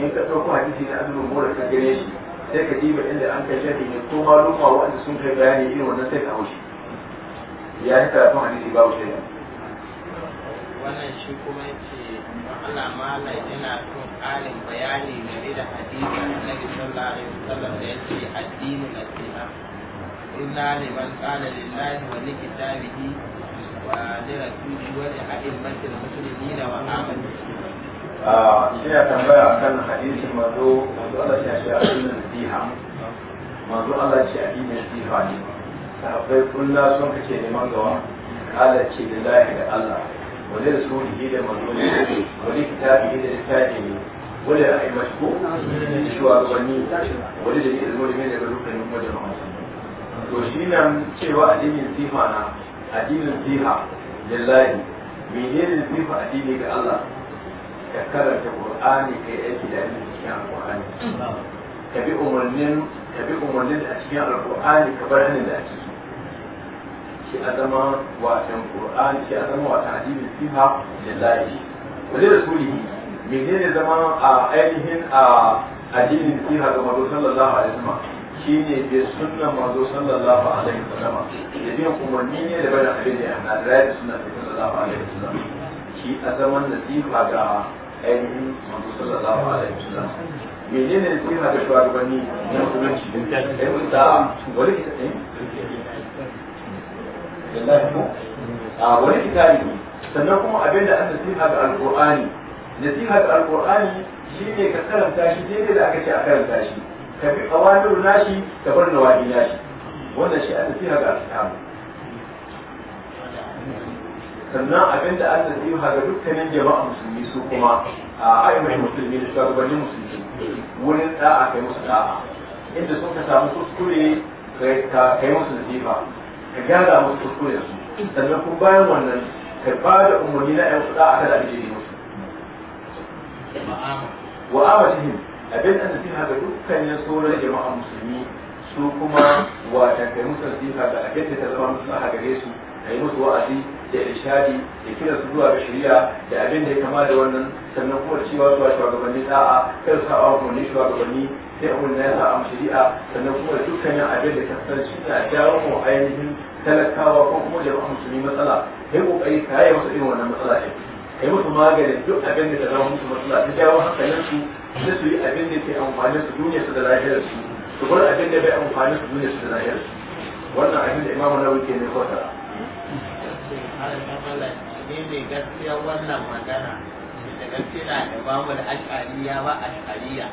Speaker 1: in ka ɗauko hadisi na azumin mura ka gane shi sai ka diba inda an kai sharhi ne ko maluma wanda sun kai bayani irin wannan sai ka haushi ya yi karatun hadisi babu
Speaker 2: shaida
Speaker 3: wannan shi kuma ce Allah malam yana son ƙarin bayani game da hadisi annabi sallallahu alaihi wasallam da yace addinu nasiha inna liman qala lillahi wa li kitabihi لرسوله ولأئمة المسلمين
Speaker 1: shi ya tambaya kan hadisin mazo mazo Allah ya ce addinin nasiha mazo Allah ya ce addinin nasiha ne sahabbai kullu sun kace neman gawa kala ce lillahi da Allah wani da su ne da mazo ne wani kitabi da littafi ne wani da aimar ko shugabanni wani da ke da mulmi da rukun mutum to shi nan cewa addinin nasiha na addinin fiha lillahi menene fiha addini ga Allah ka karanta Qur'ani kai aiki da addini cikin Qur'ani ka bi umarnin ka bi umarnin da a cikin Qur'ani ka bar hannun da a ciki shi azama watan Qur'ani shi azama watan addini fiha lillahi wani rasulihi menene zama a ainihin a addinin fiha ga Muhammad sallallahu alaihi wasallam Shi ne bi sunna manzo sallallahu alaihi wasallam da bin umarni ne da bada abin da yana da rayu sunna sallallahu alaihi wasallam shi a zaman nasiha ga ainihin manzo sallallahu alaihi wasallam menene nasiha ga shugabanni na gwamnati da mun da wani kitabi eh? wallahi ko a wani kitabi sannan kuma abin da an nasiha ga alqur'ani nasiha ga alqur'ani ne ka karanta shi daidai da aka ce a karanta shi tafi kawadir nashi da bar nawadi nashi wannan shi an nasiha ga ashabu sannan abin da an nasiha ga dukkanin jama'a musulmi su kuma a ayyukan musulmi da shugabannin musulmi wurin da'a kai musu da'a inda sun ka samu kuskure ka kai musu nasiha
Speaker 2: ka gyara musu kuskure su sannan kuma bayan wannan ka ba da umarni na 'yan kuɗa a kada a jiri musu wa'amatihim abin da nasiha ga dukkanin sauran jama'a musulmi
Speaker 1: su kuma wata kai musu nasiha ga abin da ta zama maslaha gare su a yi musu wa'azi
Speaker 4: da ishadi, da kira su zuwa ga shari'a da abin da ya kama da wannan sannan kuma da cewa zuwa shugabanni da'a kar su hawa kuma ne shugabanni sai a wani nasa a shari'a sannan kuma da dukkanin abin da ta kasance na
Speaker 1: jawo mu ainihin talakawa ko kuma jama'a musulmi matsala ya kokari yi masa irin wannan matsala ɗin kai musu maganin duk abin da zama musu matsala ta jawo hankalin su sai su yi abin da ke amfani su duniya su da lafiyar su su bar abin da bai amfani su duniya su da lafiyar su wannan abin da imamu nawawi ke ne kota
Speaker 3: ne gaskiya wannan magana da gaskiya da bamu da ashariya ba ashariya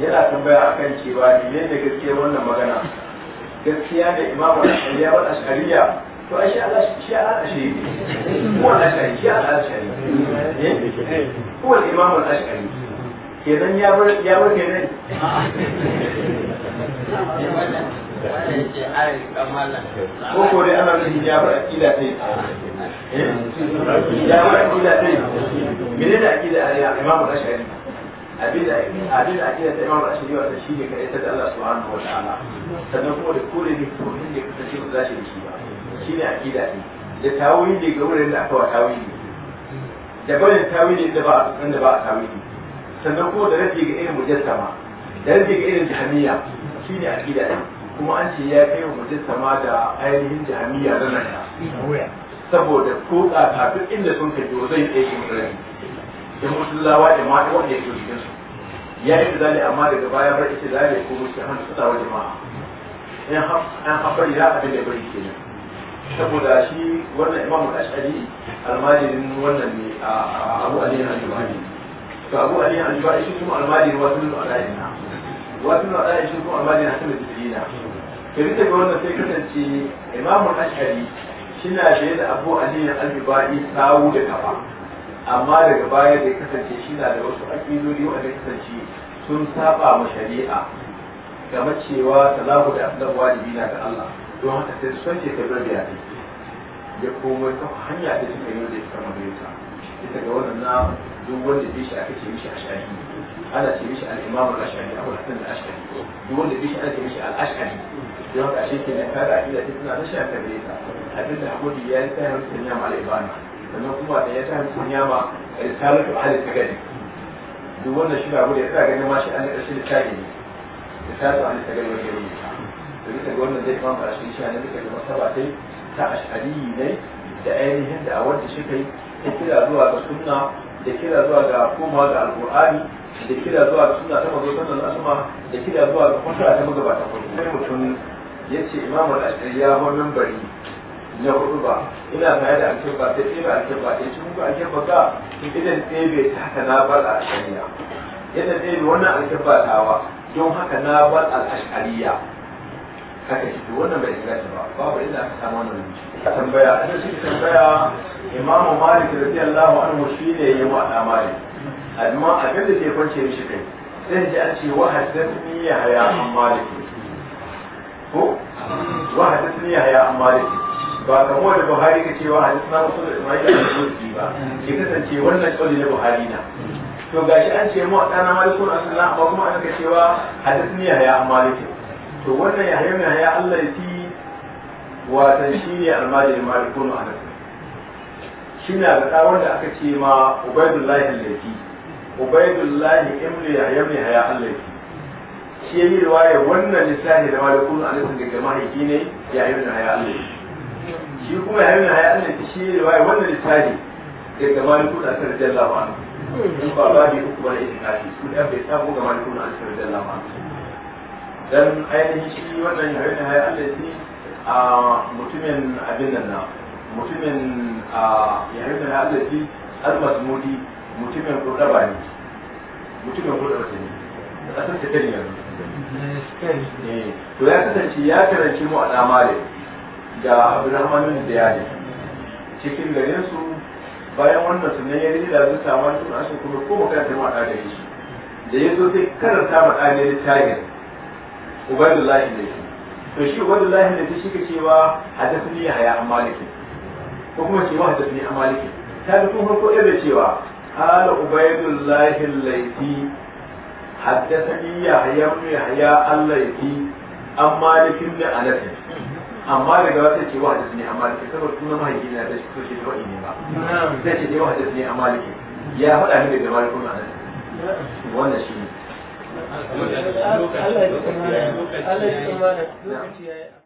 Speaker 1: yana tambaya akan cewa ne ne gaskiya wannan magana gaskiya da imamu ashariya ba ashariya to ai shi Allah shi Allah shi ko al shi Allah ashari eh? ko al-imam al-ashari kenan ya bar ya bar kenan
Speaker 3: ko ko dai ana
Speaker 1: da ya bar akida sai eh? ya bar akida sai mene eh, da akida al-imam al-ashari abinda abinda akida ta imam al-ashari wanda shi ne kai ta Allah subhanahu wa ta'ala sannan kuma da kore ne ko ne ka tace ba za shi ba shi ne aƙida ne da tawili ga wurin da aka wa tawili da barin tawili da ba a da ba a tawili sannan kuma da rafi ga irin mujassama da rafi ga irin jahamiya shi ne aƙida ne kuma an ce ya kai wa mujassama da ainihin jahamiya da nan saboda ko a duk inda sun kai to zai ɗaya shi mutane da mutullawa da mata wanda ya ke cikin ya yi zali amma daga baya bar ita zali ko mutu hannu fitawa jama'a in haɓar ya abin da bari ke nan. saboda shi wannan imamu ash'ari almajirin wannan ne a abu ali na jibani to abu ali na jibani shi kuma almajirin wasu nuna na. wasu nuna ala'ina shi kuma almajirin hasan da jirina to duk da wannan sai kasance imamu ash'ari shina da da abu ali na aljibani sawu da kafa amma daga baya da kasance shi na da wasu aƙidodi wanda kasance sun saba ma shari'a game cewa salahu da afdal wajibi na ga Allah don haka sai soke ta bari a aiki ya komo ta hanya da suka yi da ita mahaifta ita ga wannan na duk wanda bai shi aka ce mishi ashari ana ce mishi al-imam al-ashari abu hasan al-ashari duk wanda bai shi aka ce mishi al-ashari don haka ashe kenan ka ga ila tana da shi aka bai ta abin da hakuri ya yi tsayin sunya ma al-ibana sannan kuma da ya tsayin sunya ma risalatu ahli tagadi duk wanda shi ga gudu ya tsaya ganin ma shi an da ƙarshe da tagi ne risalatu ahli tagadi wanda ya rubuta da bisa ga wannan zai kama shi shi ne bisa ga masaba tai ta ashari ne da ainihin da a wanda shi kai ta kira zuwa ga sunna da kira zuwa ga koma ga alqur'ani da kira zuwa ga sunna ta mazo sallallahu alaihi wasallam da kira zuwa ga fasara ta ba ta ko sai mutum yace imamu al-ashari ya hau minbari
Speaker 4: na hudu ba ina tare da alkirba sai ɗebe alkirba sai ci muku alkirba ka idan
Speaker 1: ɗebe ta haka na bar al'ashariya yadda ɗebe wannan alkirba tawa don haka na bar al'ashariya haka shi wannan bai inganta ba babu illa aka samu wannan rubuci tambaya an shi tambaya imamu malik radiyallahu anhu ne, ya mu da malik amma kan da ke kwance shi kai sai ji an ce wa haddathni ya haya an malik ko wa haddathni ya haya an malik ba kamar wanda buhari ka ce cewa haddathna usul isma'il al-bukhari ba ke kasance wannan kauli na buhari na to gashi an ce mu tsana malikun asallan amma kuma an ka cewa haddathni ya haya an malik to wannan ya hayyana ya Allah ya fi watan shi ne almajiri malikun anas shi na da tsawon da aka ce ma ubaidullahi laifi ubaidullahi ibnu yahya ibn yahya allafi shi ya yi riwaya wannan lissafi da malikun anas daga mahaifi ne haya Allah ya fi. shi kuma yahya ibn yahya allafi shi ya yi riwaya wannan lissafi daga malikun anas radiyallahu anhu in ba ba bi uku ba ne kafi su da bai samu ga malikun anas radiyallahu anhu
Speaker 2: dan ainihin shi wannan yare da hayi Allah shi a mutumin abin
Speaker 1: nan na mutumin a yare da hayi Allah shi al-masmudi mutumin ba ne mutumin ba ne kasar ta ne
Speaker 2: yanzu eh, to ya kasance
Speaker 1: ya karanci mu a damare da abdurrahman bin ziyad cikin garin su bayan wannan ne ya rida zuwa samu tun ashe kuma ko makaranta mu a da shi da yazo sai karanta ma ne tagin ubaidullahi ne to shi shi cewa an maliki ko kuma cewa an maliki ta farko da cewa qala ubaidullahi allazi haddathani yahya ibn yahya allazi an amma daga wata ce wa ne sunan mahaifi na da shi shi ne ba zai ce wa ne ya faɗa ni
Speaker 2: wannan shi Allah ya tsamanin lokaci
Speaker 4: ya yi